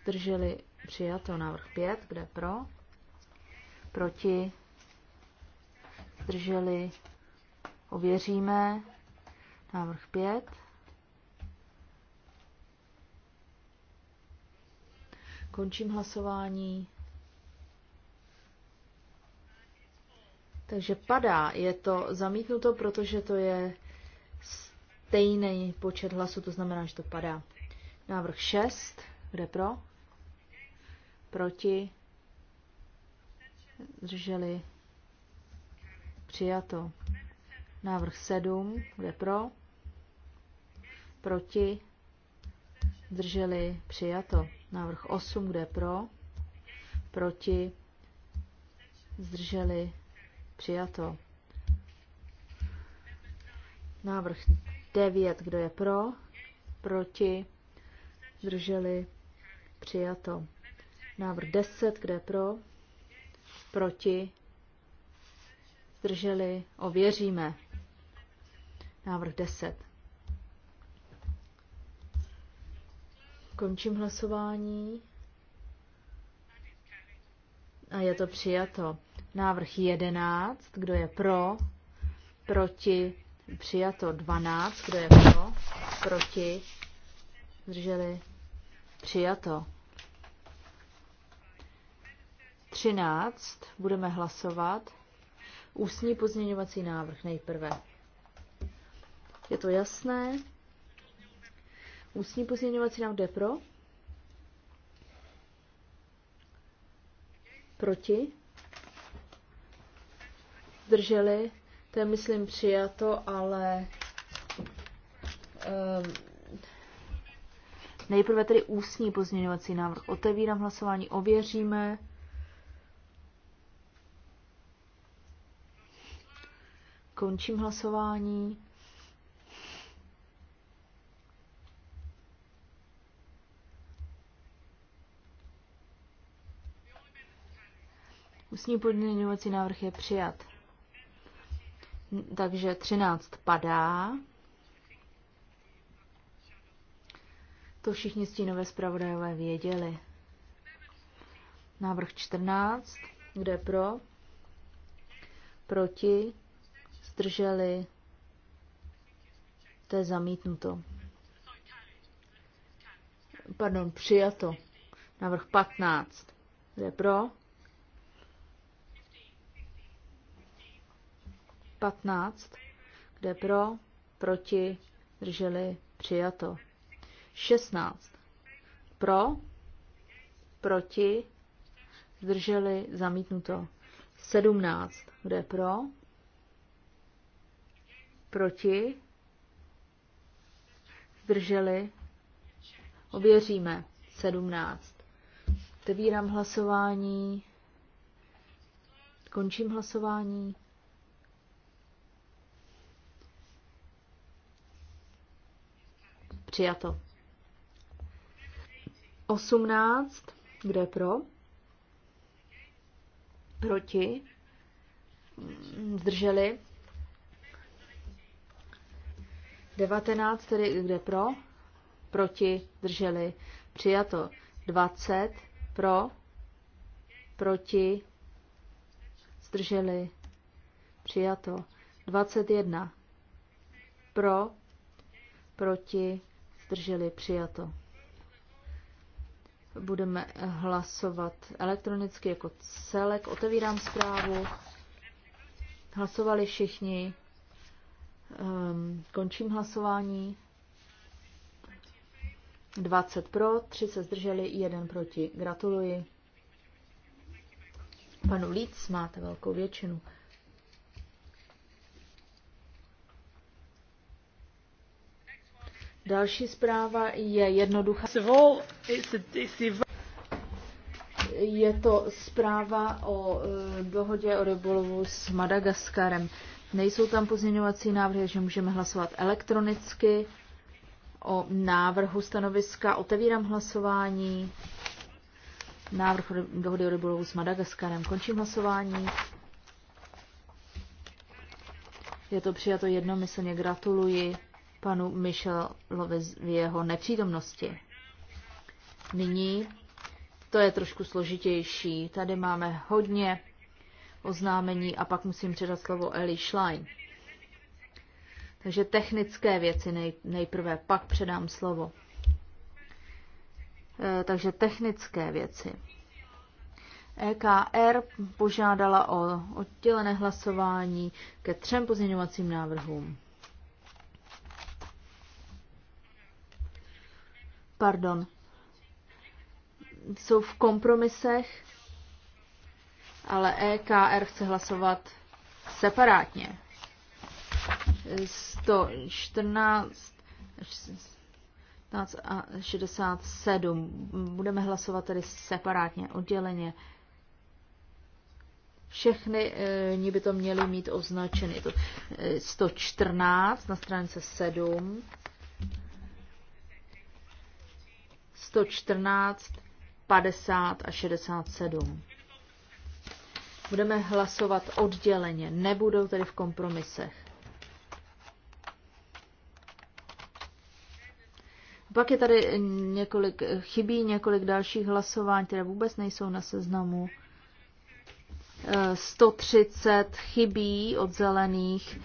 Zdrželi Přijato návrh 5, kde pro? Proti? Zdrželi? Ověříme. Návrh 5. Končím hlasování. Takže padá. Je to zamítnuto, protože to je stejný počet hlasů, to znamená, že to padá. Návrh 6. Kde pro? proti, drželi, přijato. Návrh 7, kde pro, proti, drželi, přijato. Návrh 8, kde pro, proti, zdrželi, přijato. Návrh 9, kdo je pro, proti, zdrželi, přijato. Návrh 10, kde pro, proti, zdrželi, ověříme. Návrh 10. Končím hlasování. A je to přijato. Návrh 11, kdo je pro, proti, přijato 12, kdo je pro, proti, zdrželi, přijato. 13 budeme hlasovat. Ústní pozměňovací návrh nejprve. Je to jasné? Ústní pozměňovací návrh jde pro? Proti? Drželi? To je, myslím, přijato, ale um, nejprve tedy ústní pozměňovací návrh. Otevírám hlasování, ověříme. Končím hlasování. Ústní podměňovací návrh je přijat. Takže 13 padá. To všichni stínové zpravodajové věděli. Návrh 14. Kde pro? Proti? zdrželi, to je zamítnuto. Pardon, přijato. Navrh 15. je pro? 15. Kde pro? Proti? Drželi? Přijato. 16. Pro? Proti? Zdrželi? Zamítnuto. 17. Kde pro? Proti? Zdrželi? Ověříme. 17. Otevírám hlasování. Končím hlasování. Přijato. 18. Kdo je pro? Proti? Zdrželi? 19, tedy kde pro, proti, drželi, přijato. 20, pro, proti, zdrželi, přijato. 21, pro, proti, zdrželi, přijato. Budeme hlasovat elektronicky jako celek. Otevírám zprávu. Hlasovali všichni. Um, končím hlasování. 20 pro, 3 se zdrželi, 1 proti. Gratuluji. Panu Líc máte velkou většinu. Další zpráva je jednoduchá je to zpráva o e, dohodě o rybolovu s Madagaskarem. Nejsou tam pozměňovací návrhy, že můžeme hlasovat elektronicky. O návrhu stanoviska otevírám hlasování. Návrh dohody o rybolovu s Madagaskarem. Končím hlasování. Je to přijato jednomyslně. Gratuluji panu Michelovi v jeho nepřítomnosti. Nyní to je trošku složitější. Tady máme hodně oznámení a pak musím předat slovo Eli Schlein. Takže technické věci nej, nejprve, pak předám slovo. E, takže technické věci. EKR požádala o oddělené hlasování ke třem pozměňovacím návrhům. Pardon, jsou v kompromisech, ale EKR chce hlasovat separátně. 114 a 67. Budeme hlasovat tedy separátně, odděleně. Všechny e, by to měly mít označeny. To, 114 eh, na stránce 7. 114 50 a 67. Budeme hlasovat odděleně, nebudou tedy v kompromisech. Pak je tady několik, chybí několik dalších hlasování, které vůbec nejsou na seznamu. 130 chybí od zelených,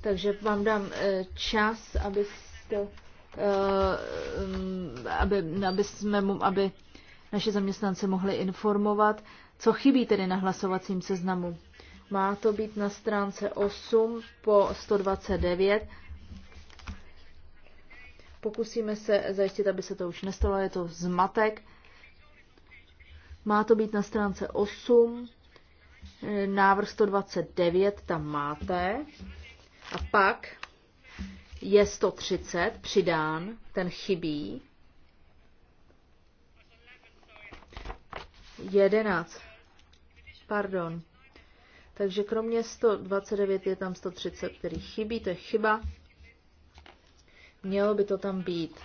takže vám dám eh, čas, abyste, eh, mm, aby, aby, jsme, aby naše zaměstnance mohli informovat, co chybí tedy na hlasovacím seznamu. Má to být na stránce 8 po 129. Pokusíme se zajistit, aby se to už nestalo, je to zmatek. Má to být na stránce 8, návrh 129 tam máte. A pak je 130 přidán, ten chybí. 11. Pardon. Takže kromě 129 je tam 130, který chybí, to je chyba. Mělo by to tam být.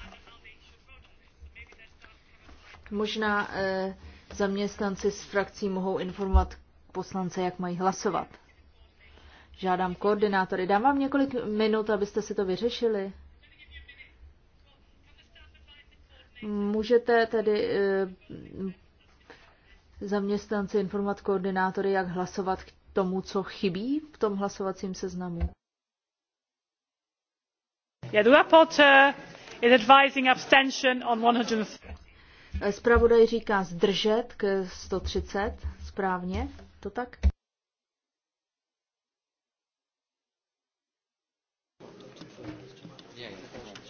Možná eh, zaměstnanci z frakcí mohou informovat poslance, jak mají hlasovat. Žádám koordinátory. Dám vám několik minut, abyste si to vyřešili. Můžete tedy eh, zaměstnance informovat koordinátory, jak hlasovat k tomu, co chybí v tom hlasovacím seznamu? Yeah, the rapporteur is advising abstention on 130. Spravodaj říká zdržet k 130, správně, to tak?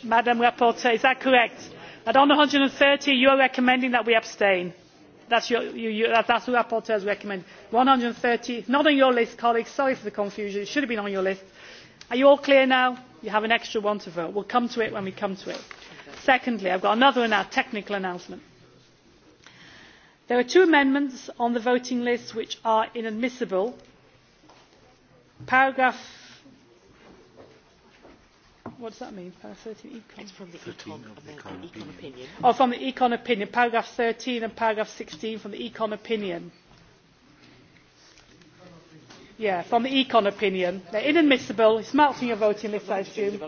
Madam Rapporteur, is that correct? At 130, you are recommending that we abstain that is the rapporteur's recommendation one hundred and thirty not on your list colleagues sorry for the confusion it should have been on your list. are you all clear now? you have an extra one to vote. we will come to it when we come to it. secondly i have another technical announcement. there are two amendments on the voting list which are inadmissible. paragraph What does that mean? Paragraph uh, 13 econ. It's from the econ, of the econ, the econ opinion. opinion. Oh, from the econ opinion. Paragraph 13 and paragraph 16 from the econ opinion. Yeah, from the econ opinion. They're inadmissible. It's marked your voting list, I assume.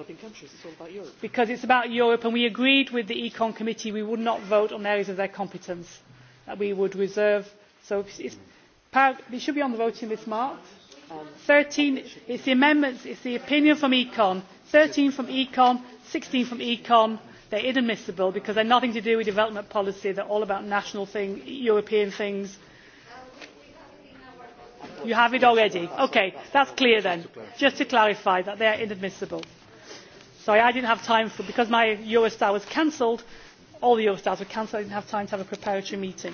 Because it's about Europe, and we agreed with the econ committee we would not vote on areas of their competence. That we would reserve. So it's, it's, it should be on the voting list marked. Um, 13, it's the amendments, it's the opinion from econ thirteen from econ sixteen from econ they are inadmissible because they have nothing to do with development policy they are all about national things european things. you have it already? ok that is clear then just to clarify that they are inadmissible. sorry i did not have time for because my eurostar was cancelled all the eurostars were cancelled i did not have time to have a preparatory meeting.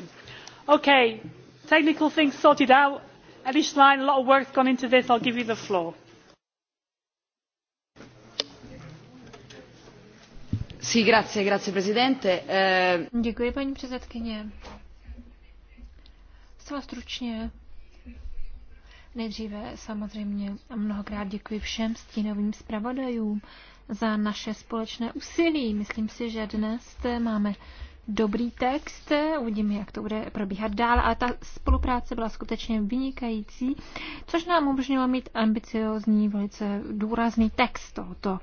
ok technical things sorted out. elly schlein a lot of work has gone into this i will give you the floor. Eh, děkuji, paní předsedkyně. Zcela stručně. Nejdříve samozřejmě mnohokrát děkuji všem stínovým zpravodajům za naše společné úsilí. Myslím si, že dnes máme dobrý text, uvidíme, jak to bude probíhat dál, ale ta spolupráce byla skutečně vynikající, což nám umožnilo mít ambiciozní, velice důrazný text tohoto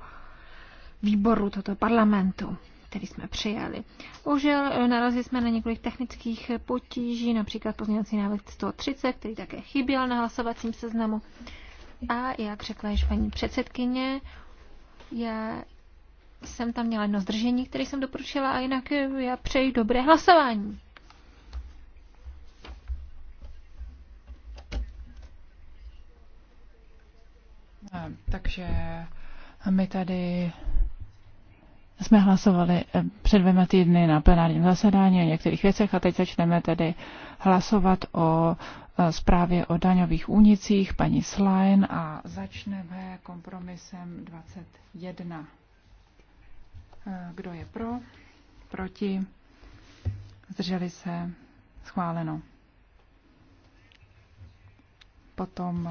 výboru tohoto parlamentu který jsme přijali. Bohužel eh, narazili jsme na několik technických potíží, například pozměňovací návrh 130, který také chyběl na hlasovacím seznamu. A jak řekla již paní předsedkyně, já jsem tam měla jedno zdržení, které jsem doporučila a jinak eh, já přeji dobré hlasování. Eh, takže my tady jsme hlasovali eh, před dvěma týdny na plenárním zasedání o některých věcech a teď začneme tedy hlasovat o eh, zprávě o daňových únicích paní Slajn a začneme kompromisem 21. Eh, kdo je pro? Proti? Zdrželi se? Schváleno. Potom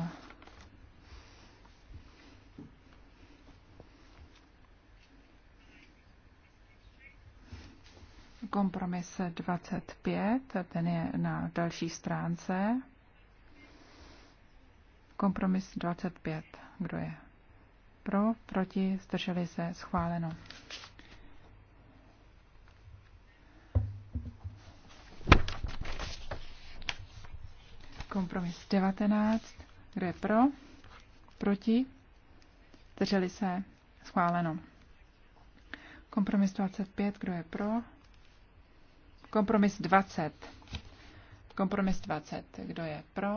Kompromis 25, ten je na další stránce. Kompromis 25, kdo je pro, proti, zdrželi se, schváleno. Kompromis 19, kdo je pro, proti, zdrželi se, schváleno. Kompromis 25, kdo je pro, Kompromis 20. Kompromis 20. Kdo je pro?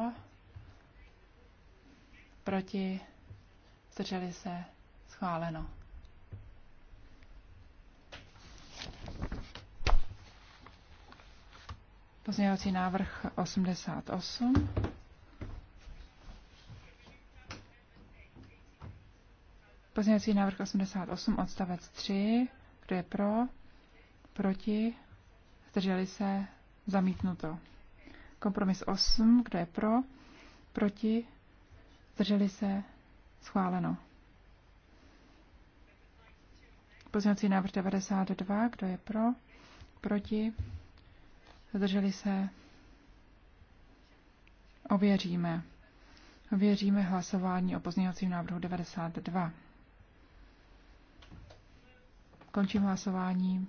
Proti? Zdrželi se? Schváleno. Pozměňovací návrh 88. Pozměňovací návrh 88, odstavec 3. Kdo je pro? Proti? zdrželi se, zamítnuto. Kompromis 8, kdo je pro, proti, zdrželi se, schváleno. Pozměňovací návrh 92, kdo je pro, proti, zdrželi se, ověříme. Ověříme hlasování o pozměňovacím návrhu 92. Končím hlasování.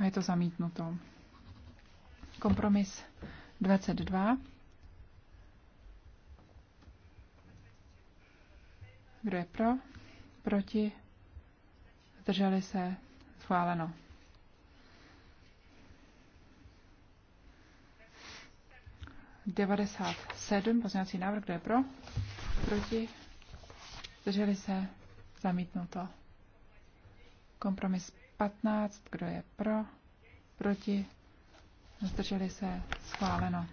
A je to zamítnuto. Kompromis 22. Kdo je pro? Proti? Zdrželi se? Schváleno. Devadesát sedm, pozměňovací návrh, kdo je pro? Proti? Zdrželi se? Zamítnuto. Kompromis 15, e, kdo je pro, proti, zdrželi se, schváleno.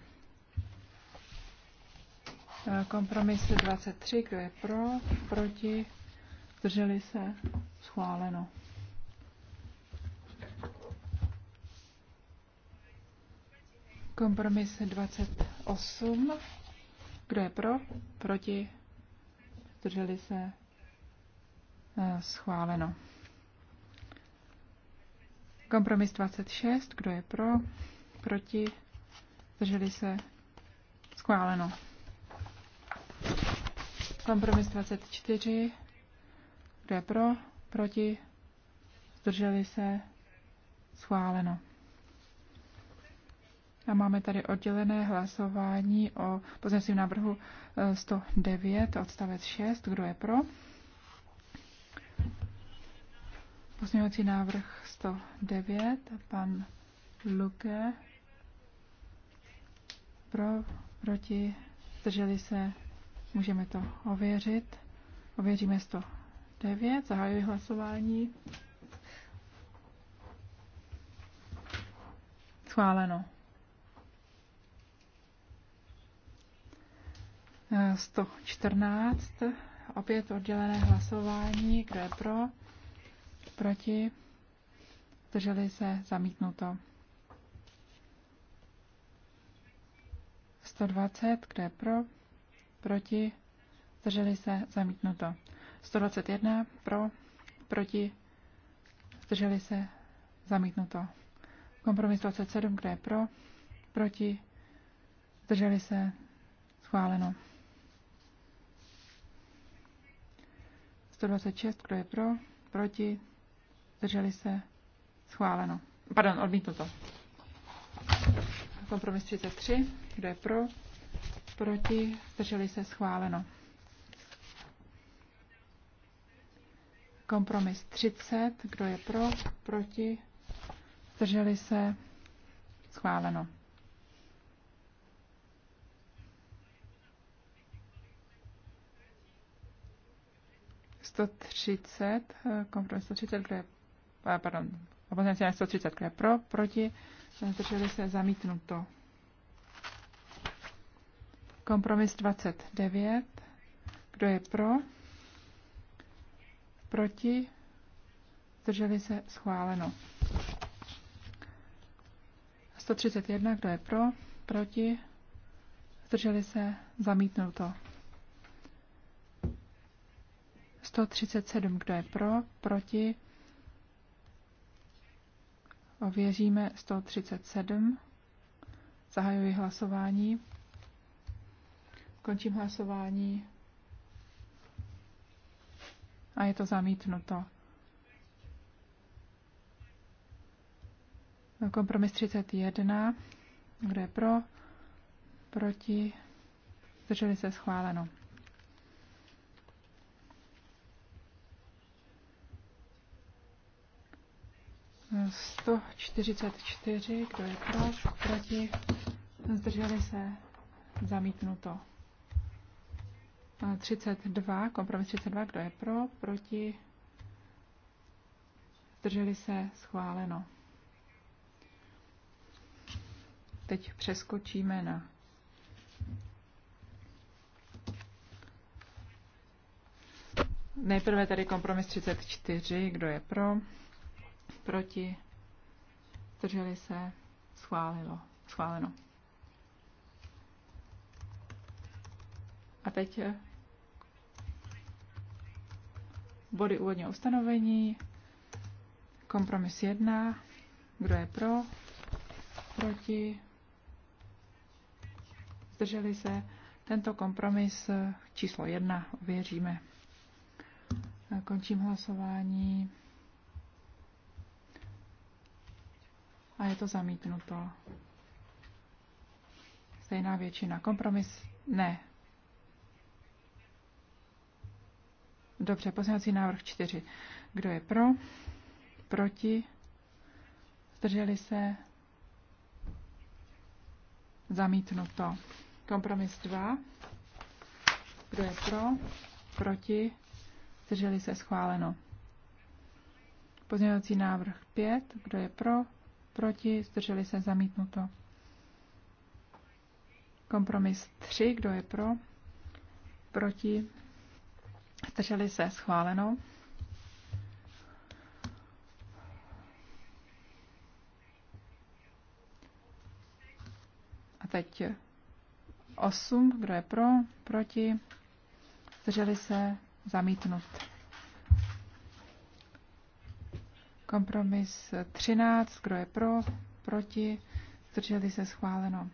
Kompromis 23, kdo je pro, proti, zdrželi se, e, schváleno. Kompromis 28, kdo je pro, proti, zdrželi se, schváleno. Kompromis 26, kdo je pro, proti, zdrželi se, schváleno. Kompromis 24, kdo je pro, proti, zdrželi se, schváleno. A máme tady oddělené hlasování o pozemním návrhu 109, eh, odstavec 6, kdo je pro, Pozměňovací návrh 109, pan Luke. Pro, proti, zdrželi se, můžeme to ověřit. Ověříme 109, zahajuji hlasování. Schváleno. 114, eh, opět oddělené hlasování, kdo je pro? proti, zdrželi se, zamítnuto. 120, kde je pro, proti, zdrželi se, zamítnuto. 121, pro, proti, zdrželi se, zamítnuto. Kompromis 27, kde je pro, proti, zdrželi se, schváleno. 126, kdo je pro, proti, Zdrželi se? Schváleno. Pardon, odmítnu to. Kompromis 33. Kdo je pro? Proti? Zdrželi se? Schváleno. Kompromis 30. Kdo je pro? Proti? Zdrželi se? Schváleno. Sto eh, kompromis 130, kdo je pardon, Pozměňovací návrh 130, kde pro, proti, zdrželi se zamítnuto. Kompromis 29, kdo je pro, proti, zdrželi se schváleno. 131, kdo je pro, proti, zdrželi se zamítnuto. 137, kdo je pro, proti, Ověříme 137. Zahajuji hlasování. Končím hlasování. A je to zamítnuto. Kompromis 31. Kdo je pro? Proti? Zdrželi se schváleno. 144, kdo je pro, proti, zdrželi se, zamítnuto. 32, kompromis 32, kdo je pro, proti, zdrželi se, schváleno. Teď přeskočíme na Nejprve tady kompromis 34, kdo je pro, proti, zdrželi se, schválilo, schváleno. A teď eh, body úvodního ustanovení, kompromis 1, kdo je pro, proti, zdrželi se, tento kompromis eh, číslo 1 věříme. Eh, končím hlasování. a je to zamítnuto. Stejná většina. Kompromis ne. Dobře, pozměňovací návrh 4. Kdo je pro? Proti? Zdrželi se? Zamítnuto. Kompromis 2. Kdo je pro? Proti? Zdrželi se? Schváleno. Pozměňovací návrh 5. Kdo je pro? proti, zdrželi se zamítnuto. Kompromis 3, kdo je pro, proti, zdrželi se schváleno. A teď 8, kdo je pro, proti, zdrželi se zamítnuto. Kompromis 13, kdo je pro, proti, zdrželi se schváleno.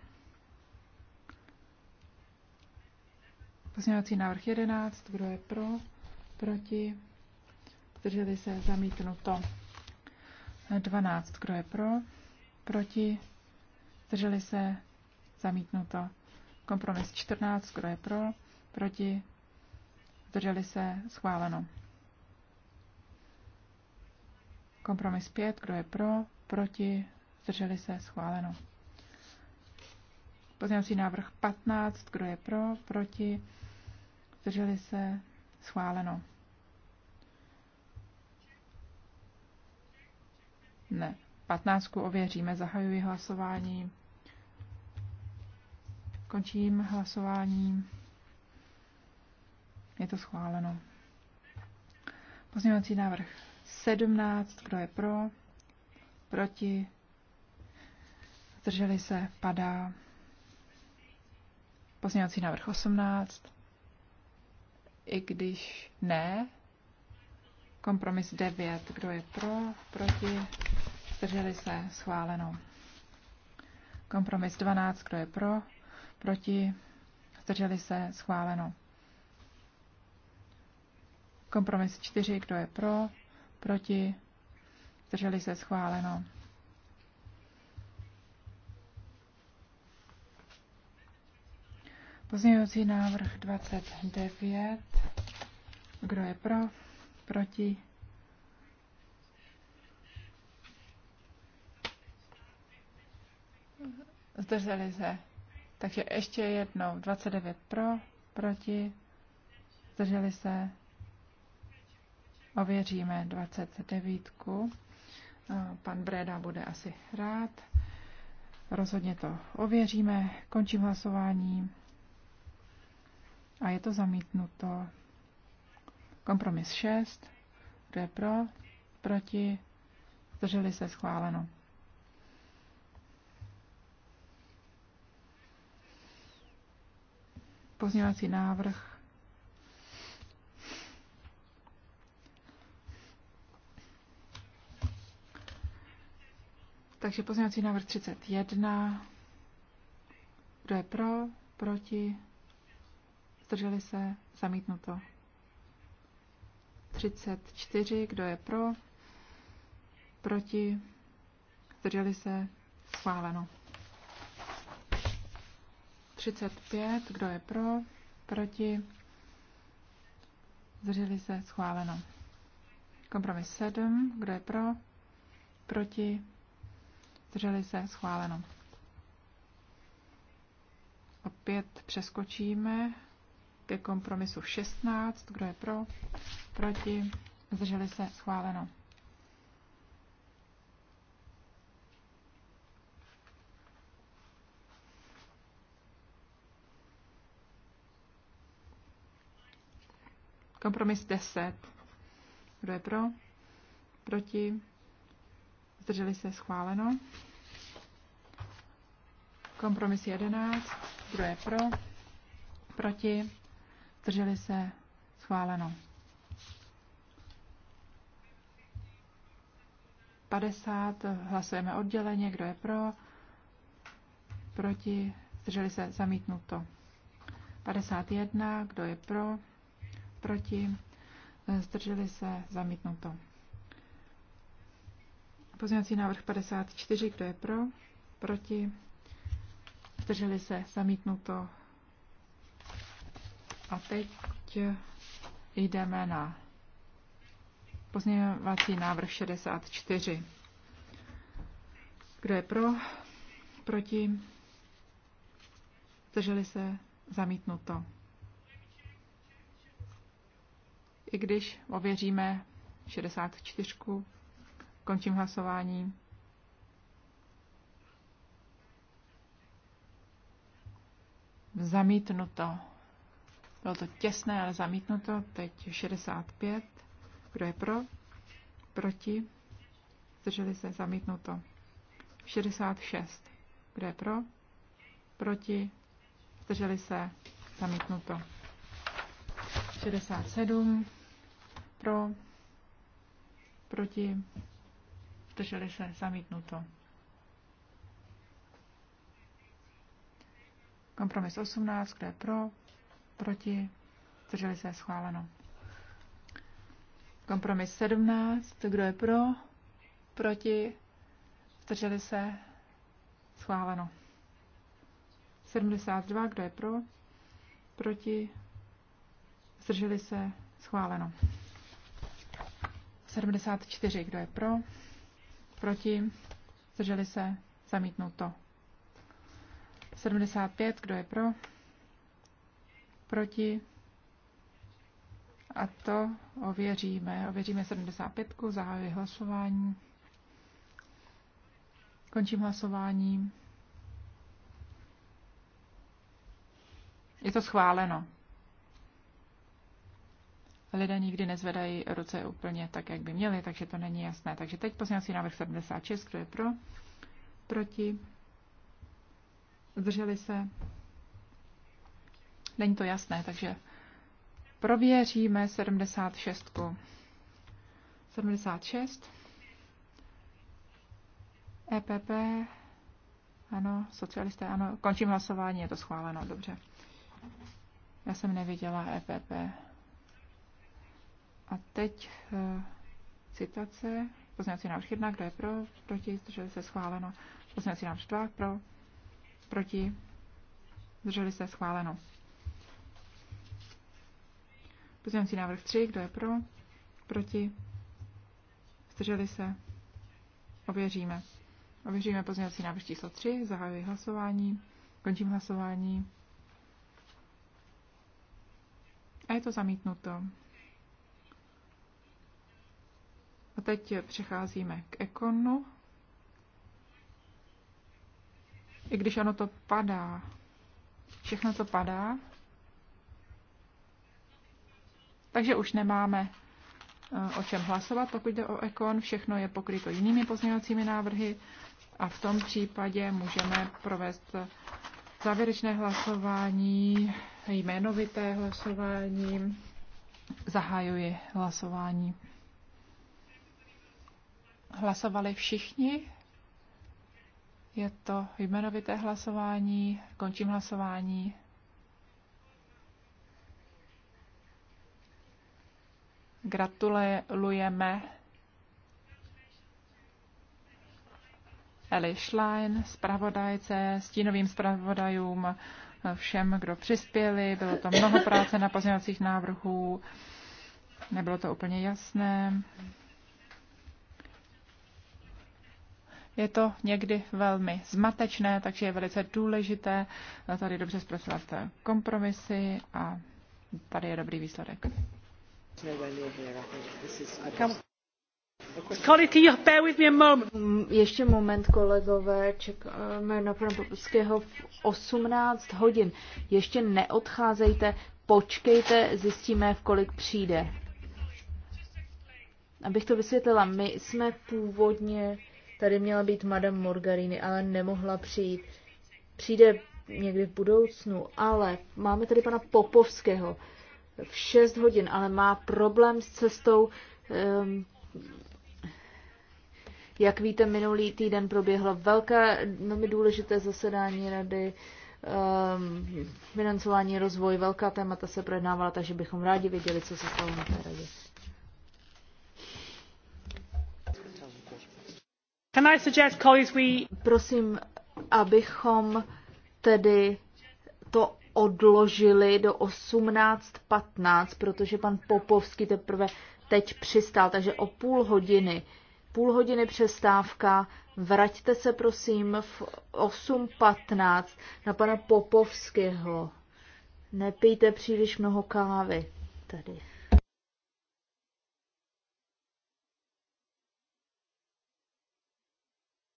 Pozměňovací návrh 11, kdo je pro, proti, zdrželi se zamítnuto. 12, kdo je pro, proti, zdrželi se zamítnuto. Kompromis 14, kdo je pro, proti, zdrželi se schváleno. Kompromis 5, kdo je pro, proti, zdrželi se, schváleno. Pozměňovací návrh 15, kdo je pro, proti, zdrželi se, schváleno. Ne, 15 ověříme, zahajuji hlasování. Končím hlasování. Je to schváleno. Pozměňovací návrh 17, kdo je pro, proti, zdrželi se, padá. Pozměňovací návrh 18, i když ne, kompromis 9, kdo je pro, proti, zdrželi se, schváleno. Kompromis 12, kdo je pro, proti, zdrželi se, schváleno. Kompromis 4, kdo je pro, proti, zdrželi se schváleno. Pozměňovací návrh 29. Kdo je pro? Proti? Zdrželi se. Takže ještě jednou. 29 pro, proti, zdrželi se, Ověříme 29. Pan Breda bude asi rád. Rozhodně to ověříme. Končím hlasování. A je to zamítnuto. Kompromis 6. Kdo je pro? Proti? Zdrželi se schváleno. Pozměňovací návrh Takže pozměňovací návrh 31. Kdo je pro? Proti? Zdrželi se? Zamítnuto. 34. Kdo je pro? Proti? Zdrželi se? Schváleno. 35. Kdo je pro? Proti? Zdrželi se? Schváleno. Kompromis 7. Kdo je pro? Proti? zdrželi se, schváleno. Opět přeskočíme ke kompromisu 16. Kdo je pro? Proti? Zdrželi se? Schváleno. Kompromis 10. Kdo je pro? Proti? zdrželi se schváleno. Kompromis 11, kdo je pro, proti, zdrželi se schváleno. 50, hlasujeme odděleně, kdo je pro, proti, zdrželi se zamítnuto. 51, kdo je pro, proti, zdrželi se zamítnuto. Pozměňovací návrh 54, kdo je pro? Proti? Zdrželi se, zamítnuto. A teď jdeme na pozměňovací návrh 64. Kdo je pro? Proti? Zdrželi se? Zamítnuto. I když ověříme 64, Končím hlasování. Zamítnuto. Bylo to těsné, ale zamítnuto. Teď 65. Kdo je pro? Proti? Zdrželi se. Zamítnuto. 66. Kdo je pro? Proti? Zdrželi se. Zamítnuto. 67. Pro? Proti? zdrželi se, zamítnuto. Kompromis 18, kdo je pro, proti, zdrželi se, schváleno. Kompromis 17, kdo je pro, proti, zdrželi se, schváleno. 72, kdo je pro, proti, zdrželi se, schváleno. 74, kdo je pro, proti, zdrželi se, to? 75, kdo je pro, proti, a to ověříme. Ověříme 75, zahajuji hlasování. Končím hlasování. Je to schváleno lidé nikdy nezvedají ruce úplně tak, jak by měli, takže to není jasné. Takže teď pozměňovací návrh 76, kdo je pro, proti, zdrželi se. Není to jasné, takže prověříme 76. 76. EPP. Ano, socialisté, ano. Končím hlasování, je to schváleno, dobře. Já jsem neviděla EPP. A teď eh, citace. Pozměňovací návrh 1, kdo je pro, proti, zdrželi se schváleno. Pozměňovací návrh 2, pro, proti, zdrželi se schváleno. Pozměňovací návrh 3, kdo je pro, proti, zdrželi se, ověříme. Ověříme pozměňovací návrh číslo 3, zahajuji hlasování, končím hlasování. A je to zamítnuto. A teď přecházíme k ekonu. I když ano, to padá. Všechno to padá. Takže už nemáme eh, o čem hlasovat, pokud jde o ekon. Všechno je pokryto jinými pozměňovacími návrhy a v tom případě můžeme provést závěrečné hlasování, jmenovité hlasování. Zahajuji hlasování. Hlasovali všichni? Je to jmenovité hlasování. Končím hlasování. Gratulujeme Eli Schlein, zpravodajce, stínovým zpravodajům, všem, kdo přispěli. Bylo to mnoho práce na pozměňovacích návrhů. Nebylo to úplně jasné. Je to někdy velmi zmatečné, takže je velice důležité tady dobře zpracovat kompromisy a tady je dobrý výsledek. Mm, ještě moment, kolegové, čekáme na pana Popovského v 18 hodin. Ještě neodcházejte, počkejte, zjistíme, v kolik přijde. Abych to vysvětlila, my jsme původně Tady měla být Madame Morgarini, ale nemohla přijít. Přijde někdy v budoucnu, ale máme tady pana Popovského v 6 hodin, ale má problém s cestou. Um, jak víte, minulý týden proběhlo velké, velmi důležité zasedání rady um, financování rozvoj, velká témata se projednávala, takže bychom rádi věděli, co se stalo na té radě. Can I suggest, colleagues, we... Prosím, abychom tedy to odložili do 18.15, protože pan Popovský teprve teď přistál, takže o půl hodiny. Půl hodiny přestávka, vraťte se prosím v 8.15 na pana Popovského. Nepijte příliš mnoho kávy tady.